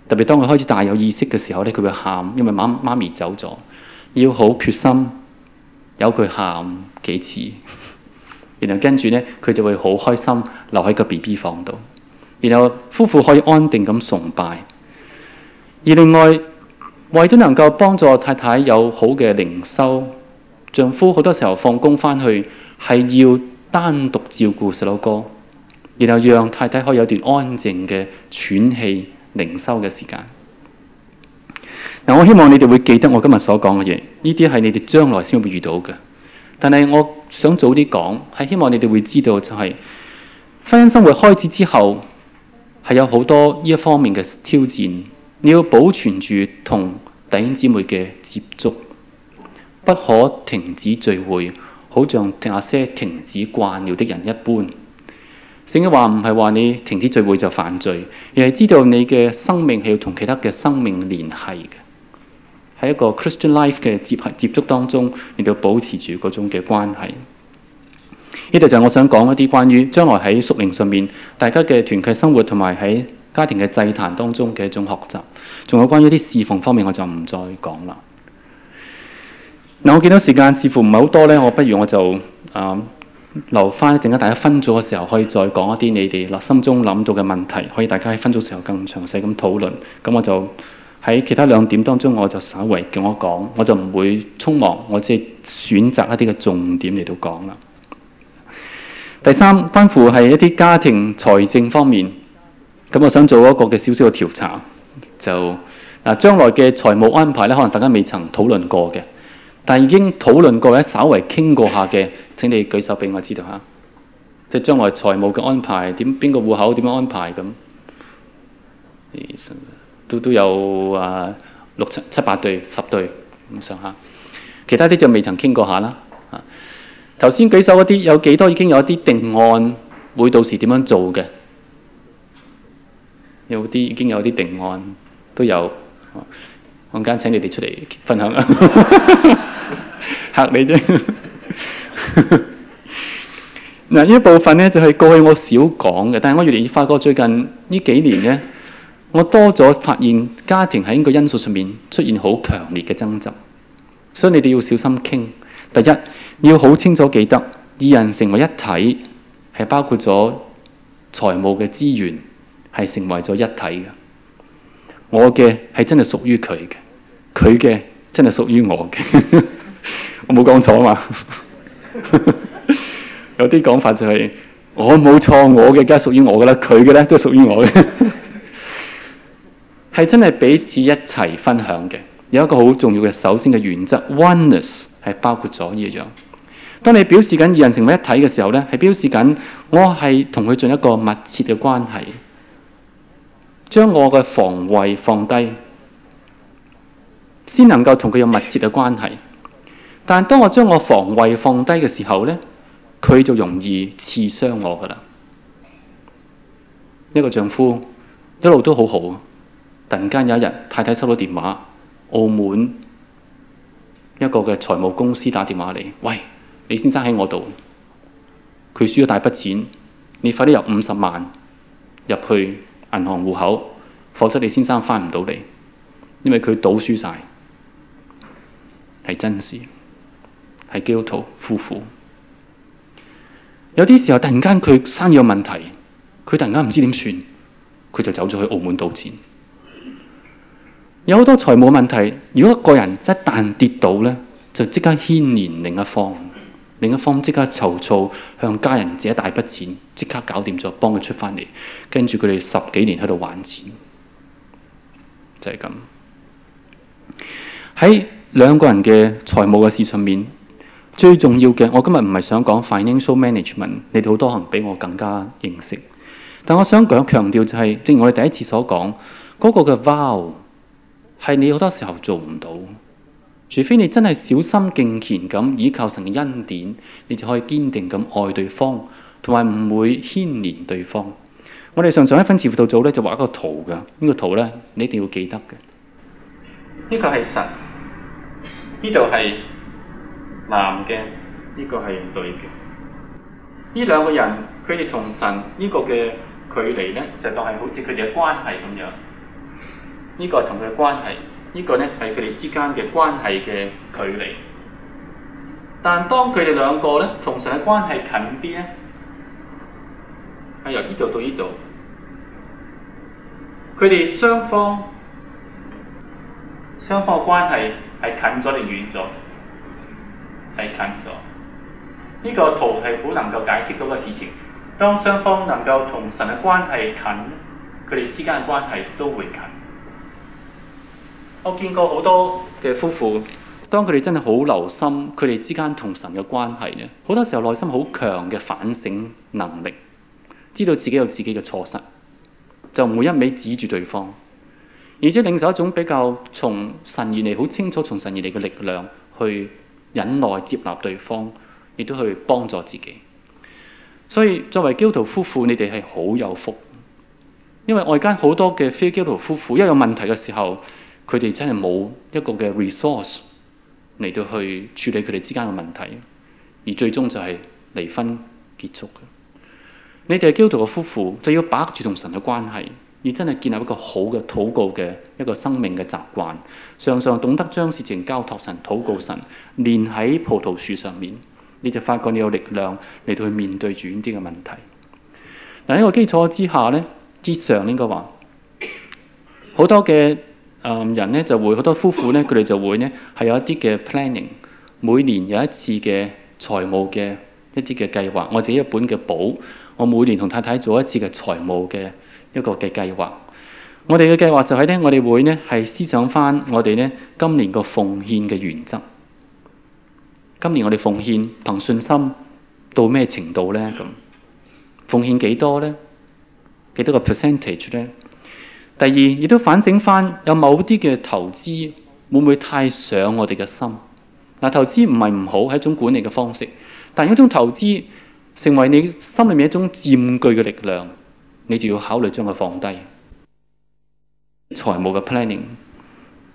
特別當佢開始大有意識嘅時候呢，佢會喊，因為媽媽咪走咗，要好決心，由佢喊幾次。然後跟住呢，佢就會好開心留喺個 BB 房度。然後夫婦可以安定咁崇拜。而另外，為咗能夠幫助太太有好嘅靈修，丈夫好多時候放工翻去係要單獨照顧細佬哥，然後讓太太可以有段安靜嘅喘氣靈修嘅時間。嗱，我希望你哋會記得我今日所講嘅嘢，呢啲係你哋將來先會，會遇到嘅。但係我想早啲講，係希望你哋會知道，就是，就係婚姻生活開始之後，係有好多呢一方面嘅挑戰。你要保存住同弟兄姊妹嘅接觸，不可停止聚會，好像那些停止慣了的人一般。聖經話唔係話你停止聚會就犯罪，而係知道你嘅生命係要同其他嘅生命聯繫嘅。喺一個 Christian life 嘅接合接觸當中，亦都保持住嗰種嘅關係。呢度就係我想講一啲關於將來喺宿命上面大家嘅團契生活，同埋喺家庭嘅祭壇當中嘅一種學習。仲有關於一啲侍奉方面，我就唔再講啦。嗱，我見到時間似乎唔係好多咧，我不如我就啊、呃、留翻一陣間大家分組嘅時候，可以再講一啲你哋啦心中諗到嘅問題，可以大家喺分組時候更詳細咁討論。咁我就。喺其他兩點當中，我就稍微叫我講，我就唔會匆忙，我只係選擇一啲嘅重點嚟到講啦。第三，關乎係一啲家庭財政方面，咁我想做一個嘅少少嘅調查，就嗱將來嘅財務安排咧，可能大家未曾討論過嘅，但已經討論過或稍微傾過下嘅，請你舉手俾我知道嚇。即係將來財務嘅安排點？邊個戶口點樣安排咁？都都有啊，六七七八對、十對咁上下。其他啲就未曾傾過下啦。啊，頭先舉手嗰啲有幾多已經有一啲定案，會到時點樣做嘅？有啲已經有啲定案都有。陣間請你哋出嚟分享啊，嚇你啫。嗱，呢一部分咧就係過去我少講嘅，但係我越嚟越發覺最近呢幾年咧。我多咗發現，家庭喺呢個因素上面出現好強烈嘅爭執，所以你哋要小心傾。第一，你要好清楚記得，二人成為一體，係包括咗財務嘅資源，係成為咗一體嘅。我嘅係真係屬於佢嘅，佢嘅真係屬於我嘅、 [laughs] [laughs] 就是。我冇講錯啊嘛！有啲講法就係我冇錯，我嘅梗係屬於我㗎喇，佢嘅呢都係屬於我嘅。 [laughs] 係真係彼此一齊分享嘅，有一個好重要嘅，首先嘅原則，oneness 係包括咗呢樣。當你表示緊二人成為一體嘅時候咧，係表示緊我係同佢進一個密切嘅關係，將我嘅防衛放低，先能夠同佢有密切嘅關係。但係當我將我防衛放低嘅時候咧，佢就容易刺傷我噶啦。呢個丈夫一路都好好。突然間有一日，太太收到電話，澳門一個嘅財務公司打電話嚟，喂，李先生喺我度，佢輸咗大筆錢，你快啲入五十萬入去銀行戶口，否則李先生翻唔到嚟，因為佢賭輸晒。係真事，係基督徒夫婦。有啲時候，突然間佢生意有問題，佢突然間唔知點算，佢就走咗去澳門賭錢。有好多財務問題。如果一個人一旦跌倒咧，就即刻牽連另一方，另一方即刻籌措向家人借一大筆錢，即刻搞掂咗幫佢出翻嚟，跟住佢哋十幾年喺度還錢，就係咁。喺兩個人嘅財務嘅事上面，最重要嘅，我今日唔係想講 financial management，你哋好多人都比我更加認識。但我想講強調就係，正如我哋第一次所講，嗰個嘅 vow。係你好多時候做唔到，除非你真係小心敬虔咁倚靠神嘅恩典，你就可以堅定咁愛對方，同埋唔會牽連對方。我哋常常一分次輔導組咧就畫一個圖噶，呢、這個圖咧你一定要記得嘅。呢個係神，呢度係男嘅，呢、這個係女嘅。呢兩個人佢哋同神、這個、呢個嘅距離咧，就當係好似佢哋嘅關係咁樣。呢個同佢嘅關係，呢個呢係佢哋之間嘅關係嘅距離。但當佢哋兩個呢同神嘅關係近啲呢，係由呢度到呢度，佢哋雙方雙方嘅關係係近咗定遠咗？係近咗。呢個圖係好能夠解釋到個事情：當雙方能夠同神嘅關係近，佢哋之間嘅關係都會近。我見過好多嘅夫婦，當佢哋真係好留心佢哋之間同神嘅關係咧，好多時候內心好強嘅反省能力，知道自己有自己嘅錯失，就唔會一味指住對方，而且領受一種比較從神而嚟，好清楚從神而嚟嘅力量去忍耐接納對方，亦都去幫助自己。所以作為基督徒夫婦，你哋係好有福，因為外間好多嘅非基督徒夫婦，一有問題嘅時候。佢哋真係冇一個嘅 resource 嚟到去處理佢哋之間嘅問題，而最終就係離婚結束。你哋係基督徒嘅夫婦，就要把握住同神嘅關係，而真係建立一個好嘅禱告嘅一個生命嘅習慣。常常懂得將事情交託神、禱告神，連喺葡萄樹上面，你就發覺你有力量嚟到去面對住呢啲嘅問題。嗱，呢個基礎之下咧，之上應該話好多嘅。人咧就會好多夫婦咧，佢哋就會呢，係有一啲嘅 planning，每年有一次嘅財務嘅一啲嘅計劃。我自己一本嘅簿，我每年同太太做一次嘅財務嘅一個嘅計劃。我哋嘅計劃就係呢，我哋會呢，係思想返我哋呢今年個奉獻嘅原則。今年我哋奉獻憑信心到咩程度呢？咁奉獻幾多呢？幾多個 percentage 呢？第二，亦都反省翻有某啲嘅投資會唔會太上我哋嘅心嗱？投資唔係唔好，係一種管理嘅方式，但係一種投資成為你心裏面一種佔據嘅力量，你就要考慮將佢放低財務嘅 planning。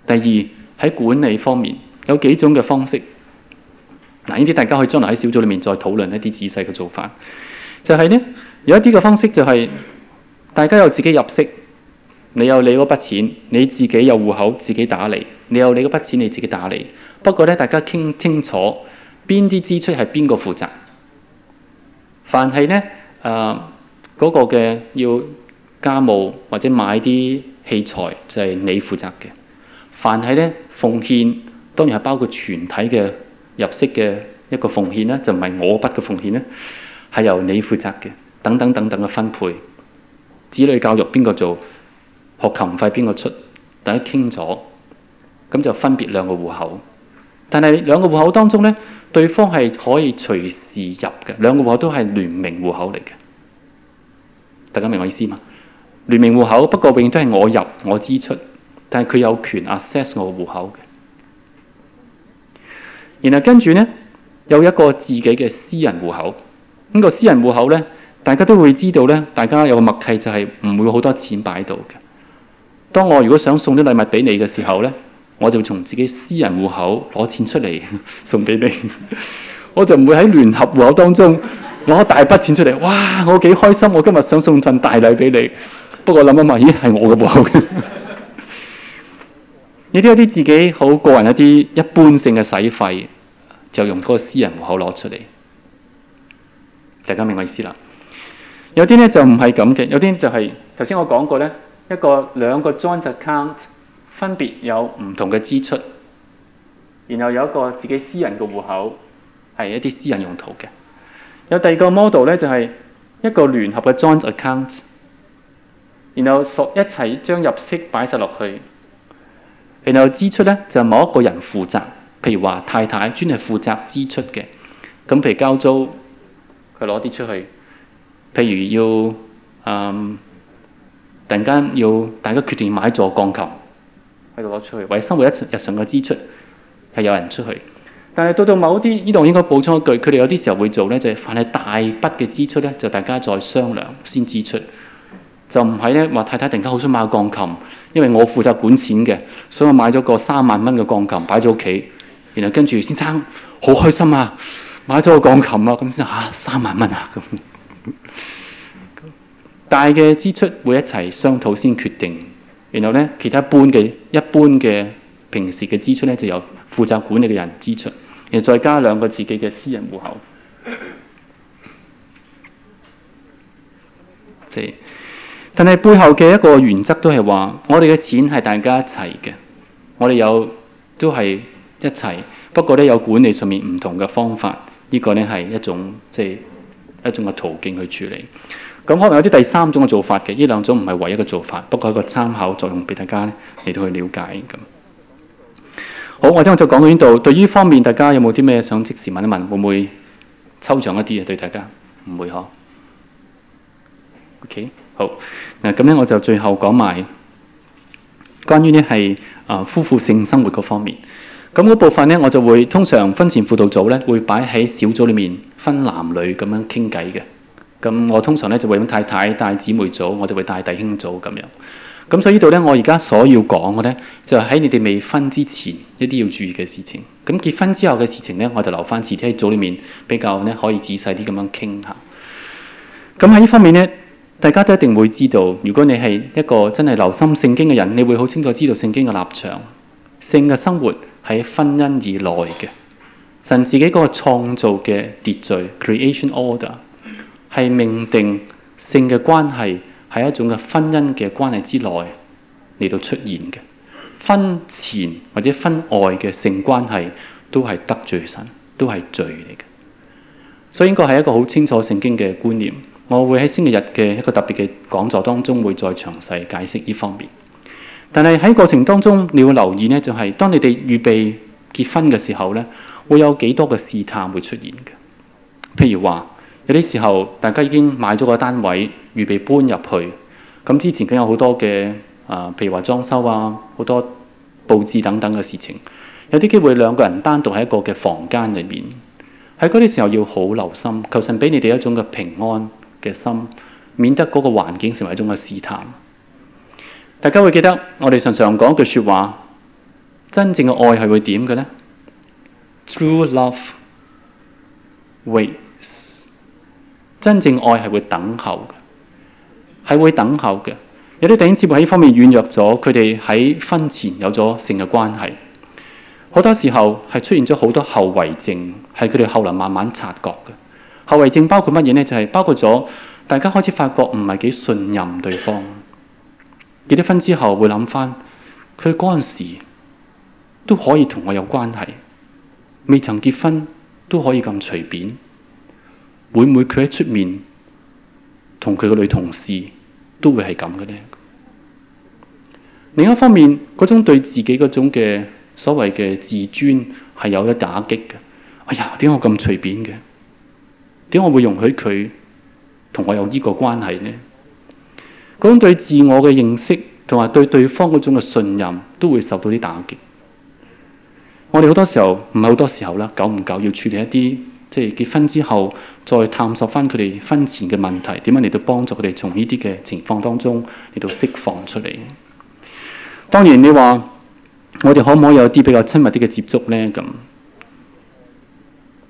第二喺管理方面有幾種嘅方式嗱，呢啲大家可以將來喺小組裏面再討論一啲仔細嘅做法，就係呢，有一啲嘅方式就係大家有自己入息。你有你嗰筆錢，你自己有戶口，自己打理。你有你嗰筆錢，你自己打理。不過呢，大家傾清楚邊啲支出係邊個負責。凡係呢誒嗰、呃嗰個嘅要家務或者買啲器材就係、是、你負責嘅。凡係呢奉獻當然係包括全體嘅入息嘅一個奉獻咧，就唔係我的筆嘅奉獻咧，係由你負責嘅。等等等等嘅分配，子女教育邊個做？學琴費邊個出？大家傾咗咁就分別兩個戶口。但係兩個戶口當中呢，對方係可以隨時入嘅。兩個戶口都係聯名戶口嚟嘅。大家明我意思嘛？聯名戶口不過永遠都係我入我支出，但係佢有權 assess 我個戶口嘅。然後跟住呢，有一個自己嘅私人戶口。咁、這個私人戶口呢，大家都會知道呢，大家有個默契就係唔會好多錢擺到嘅。當我如果想送啲禮物俾你嘅時候呢，我就從自己私人戶口攞錢出嚟送俾你。 [laughs] 我就唔會喺聯合戶口當中攞大筆錢出嚟。哇！我幾開心，我今日想送份大禮俾你。不過諗一諗，咦，係我嘅戶口嘅。呢 [laughs] 啲有啲自己好個人一啲一般性嘅使費，就用嗰個私人戶口攞出嚟。大家明我意思啦。有啲呢就唔係咁嘅，有啲就係頭先我講過呢。一個兩個 joint account 分別有唔同嘅支出，然後有一個自己私人嘅戶口，係一啲私人用途嘅。有第二個 model 咧，就係、是、一個聯合嘅 joint account，然後索一齊將入息擺晒落去，然後支出咧就是、某一個人負責，譬如話太太專係負責支出嘅，咁譬如交租，佢攞啲出去，譬如要誒。嗯突然間要大家決定要買座鋼琴喺度攞出去，為生活一日常嘅支出係有人出去。但係到到某啲，呢度應該補充一句，佢哋有啲時候會做咧，就係、是、凡係大筆嘅支出咧，就大家再商量先支出。就唔係咧，話太太突然間好想買個鋼琴，因為我負責管錢嘅，所以我買咗個三萬蚊嘅鋼琴擺咗屋企。然後跟住先生好開心啊，買咗個鋼琴啊，咁先生嚇三萬蚊啊咁。大嘅支出會一齊商討先決定，然後呢，其他般嘅一般嘅平時嘅支出呢，就由負責管理嘅人支出，然後再加兩個自己嘅私人戶口。即係， [coughs] 但係背後嘅一個原則都係話，我哋嘅錢係大家一齊嘅，我哋有都係一齊，不過呢，有管理上面唔同嘅方法，呢、呢個呢，係一種即係一種嘅途徑去處理。咁可能有啲第三種嘅做法嘅，呢兩種唔係唯一嘅做法，不過一個參考作用俾大家咧嚟到去了解咁。好，我今日就講到呢度。對於方面，大家有冇啲咩想即時問一問？會唔會抽象一啲啊？對大家唔會呵。OK，好。嗱咁咧，我就最後講埋關於咧係啊夫婦性生活嗰方面。咁嗰部分咧，我就會通常婚前輔導組咧會擺喺小組裏面分男女咁樣傾偈嘅。咁我通常咧就為咁太太帶姊妹組，我就會帶弟兄組咁樣。咁所以呢度咧，我而家所要講嘅咧，就係喺你哋未婚之前一啲要注意嘅事情。咁結婚之後嘅事情咧，我就留翻事喺組裏面比較咧，可以仔細啲咁樣傾下。咁喺呢方面咧，大家都一定會知道，如果你係一個真係留心聖經嘅人，你會好清楚知道聖經嘅立場。性嘅生活喺婚姻以內嘅，神自己嗰個創造嘅秩序 （creation order）。係命定性嘅關係，係一種嘅婚姻嘅關係之內嚟到出現嘅。婚前或者婚外嘅性關係都係得罪神，都係罪嚟嘅。所以應該係一個好清楚聖經嘅觀念。我會喺星期日嘅一個特別嘅講座當中，會再詳細解釋呢方面。但係喺過程當中，你要留意呢，就係當你哋預備結婚嘅時候呢，會有幾多嘅試探會出現嘅。譬如話。有啲時候，大家已經買咗個單位，預備搬入去。咁之前更有好多嘅啊，呃、譬如話裝修啊，好多佈置等等嘅事情。有啲機會兩個人單獨喺一個嘅房間裏面，喺嗰啲時候要好留心。求神俾你哋一種嘅平安嘅心，免得嗰個環境成為一種嘅試探。大家會記得我哋常常講句説話：真正嘅愛係會點嘅呢？」True love wait。真正愛係會等候嘅，係會等候嘅。有啲頂尖喺呢方面軟弱咗，佢哋喺婚前有咗性嘅關係，好多時候係出現咗好多後遺症，係佢哋後來慢慢察覺嘅。後遺症包括乜嘢呢？就係包括咗大家開始發覺唔係幾信任對方。結咗婚之後會諗翻，佢嗰陣時都可以同我有關係，未曾結婚都可以咁隨便。會唔會佢喺出面同佢個女同事都會係咁嘅咧？另一方面，嗰種對自己嗰種嘅所謂嘅自尊係有咗打擊嘅。哎呀，點解我咁隨便嘅？點解我會容許佢同我有呢個關係呢？嗰種對自我嘅認識同埋對對方嗰種嘅信任都會受到啲打擊。我哋好多時候唔係好多時候啦，久唔久要處理一啲即係結婚之後。再探索翻佢哋婚前嘅問題，點樣嚟到幫助佢哋從呢啲嘅情況當中嚟到釋放出嚟。當然，你話我哋可唔可以有啲比較親密啲嘅接觸呢？咁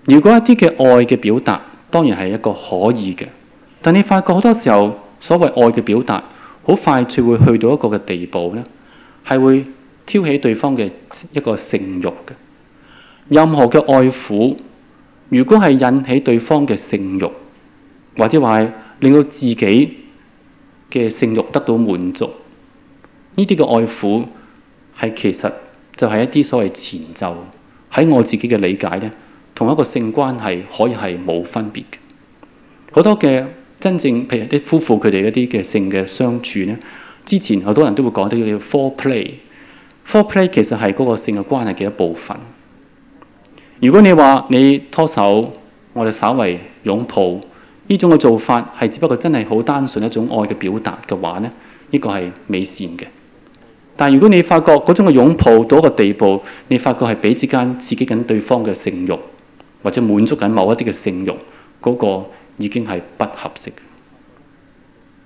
如果一啲嘅愛嘅表達，當然係一個可以嘅。但你發覺好多時候，所謂愛嘅表達，好快就會去到一個嘅地步咧，係會挑起對方嘅一個性慾嘅。任何嘅愛撫。如果係引起對方嘅性慾，或者話令到自己嘅性慾得到滿足，呢啲嘅愛撫係其實就係一啲所謂前奏。喺我自己嘅理解咧，同一個性關係可以係冇分別嘅。好多嘅真正譬如啲夫婦佢哋一啲嘅性嘅相處咧，之前好多人都會講到叫 foreplay。foreplay 其實係嗰個性嘅關係嘅一部分。如果你話你拖手，我哋稍為擁抱，呢種嘅做法係只不過真係好單純一種愛嘅表達嘅話咧，呢個係美善嘅。但如果你發覺嗰種嘅擁抱到一個地步，你發覺係彼此之間刺激緊對方嘅性慾，或者滿足緊某一啲嘅性慾，嗰個已經係不合適。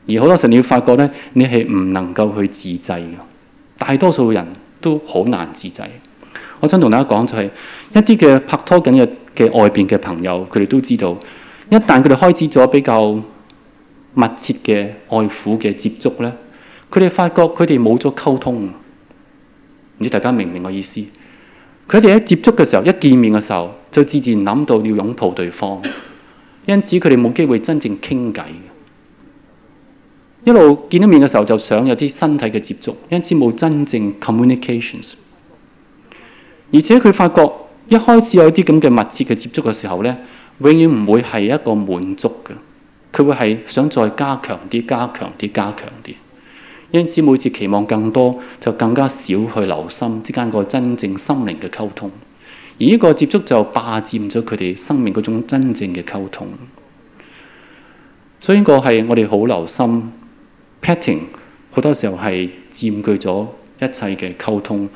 而好多時候你要發覺咧，你係唔能夠去自制嘅，大多數人都好難自制。我想同大家講就係一啲嘅拍拖緊嘅嘅外邊嘅朋友，佢哋都知道，一旦佢哋開始咗比較密切嘅愛撫嘅接觸咧，佢哋發覺佢哋冇咗溝通，唔知大家明唔明我意思？佢哋喺接觸嘅時候，一見面嘅時候就自然諗到要擁抱對方，因此佢哋冇機會真正傾偈。一路見到面嘅時候就想有啲身體嘅接觸，因此冇真正 communications。而且佢發覺一開始有啲咁嘅密切嘅接觸嘅時候呢，永遠唔會係一個滿足嘅，佢會係想再加強啲、加強啲、加強啲。因此每次期望更多，就更加少去留心之間個真正心靈嘅溝通，而呢個接觸就霸佔咗佢哋生命嗰種真正嘅溝通。所以呢個係我哋好留心 petting，好多時候係佔據咗一切嘅溝通。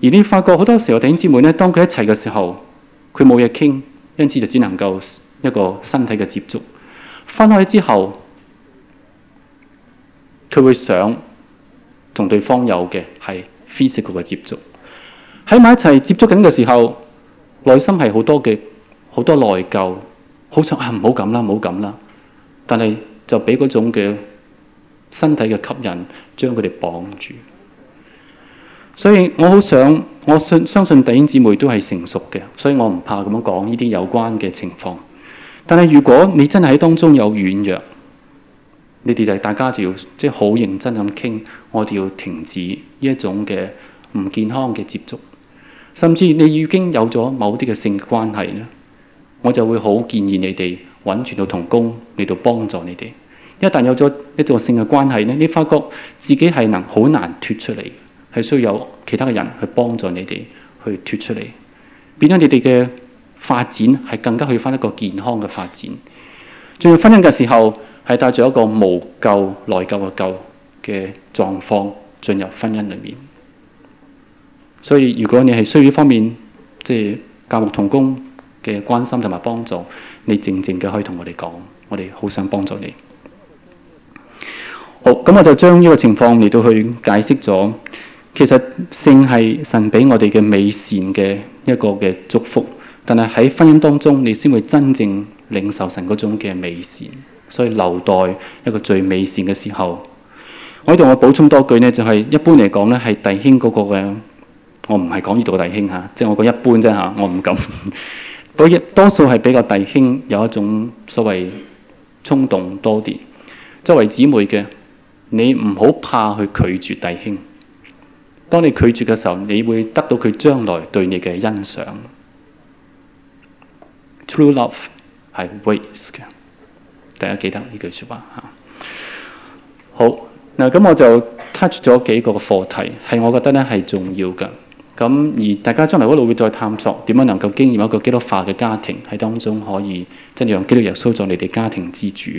而你發覺好多時候弟兄姊，姊妹咧，當佢一齊嘅時候，佢冇嘢傾，因此就只能夠一個身體嘅接觸。分開之後，佢會想同對方有嘅係 physical 嘅接觸。喺埋一齊接觸緊嘅時候，內心係好多嘅好多內疚，好想：「啊唔好咁啦，唔好咁啦。」但係就俾嗰種嘅身體嘅吸引，將佢哋綁住。所以我好想，我信相信弟兄姊妹都係成熟嘅，所以我唔怕咁樣講呢啲有關嘅情況。但係如果你真係喺當中有軟弱，你哋就大家就要即係好認真咁傾，我哋要停止呢一種嘅唔健康嘅接觸，甚至你已經有咗某啲嘅性關係咧，我就會好建議你哋揾住到同工嚟到幫助你哋。一旦有咗一種性嘅關係咧，你發覺自己係能好難脱出嚟。需要有其他嘅人去幫助你哋去脫出嚟，變咗你哋嘅發展係更加去翻一個健康嘅發展。進入婚姻嘅時候係帶住一個無救、內疚嘅救嘅狀況進入婚姻裏面。所以如果你係需要呢方面即係、就是、教牧同工嘅關心同埋幫助，你靜靜嘅可以同我哋講，我哋好想幫助你。好，咁我就將呢個情況嚟到去解釋咗。其實性係神俾我哋嘅美善嘅一個嘅祝福，但係喺婚姻當中，你先會真正領受神嗰種嘅美善。所以留待一個最美善嘅時候。我呢度我補充多句呢，就係一般嚟講呢，係弟兄嗰個嘅，我唔係講呢度嘅弟兄吓，即係我講一般啫吓，我唔敢。比多數係比較弟兄有一種所謂衝動多啲，作為姊妹嘅，你唔好怕去拒絕弟兄。當你拒絕嘅時候，你會得到佢將來對你嘅欣賞。True love 係 waste，大家記得呢句説話。好嗱，咁我就 touch 咗幾個嘅課題，係我覺得咧係重要嘅。咁而大家將來嗰度會再探索點樣能夠經驗一個基督化嘅家庭喺當中，可以真係讓基督耶穌做你哋家庭之主。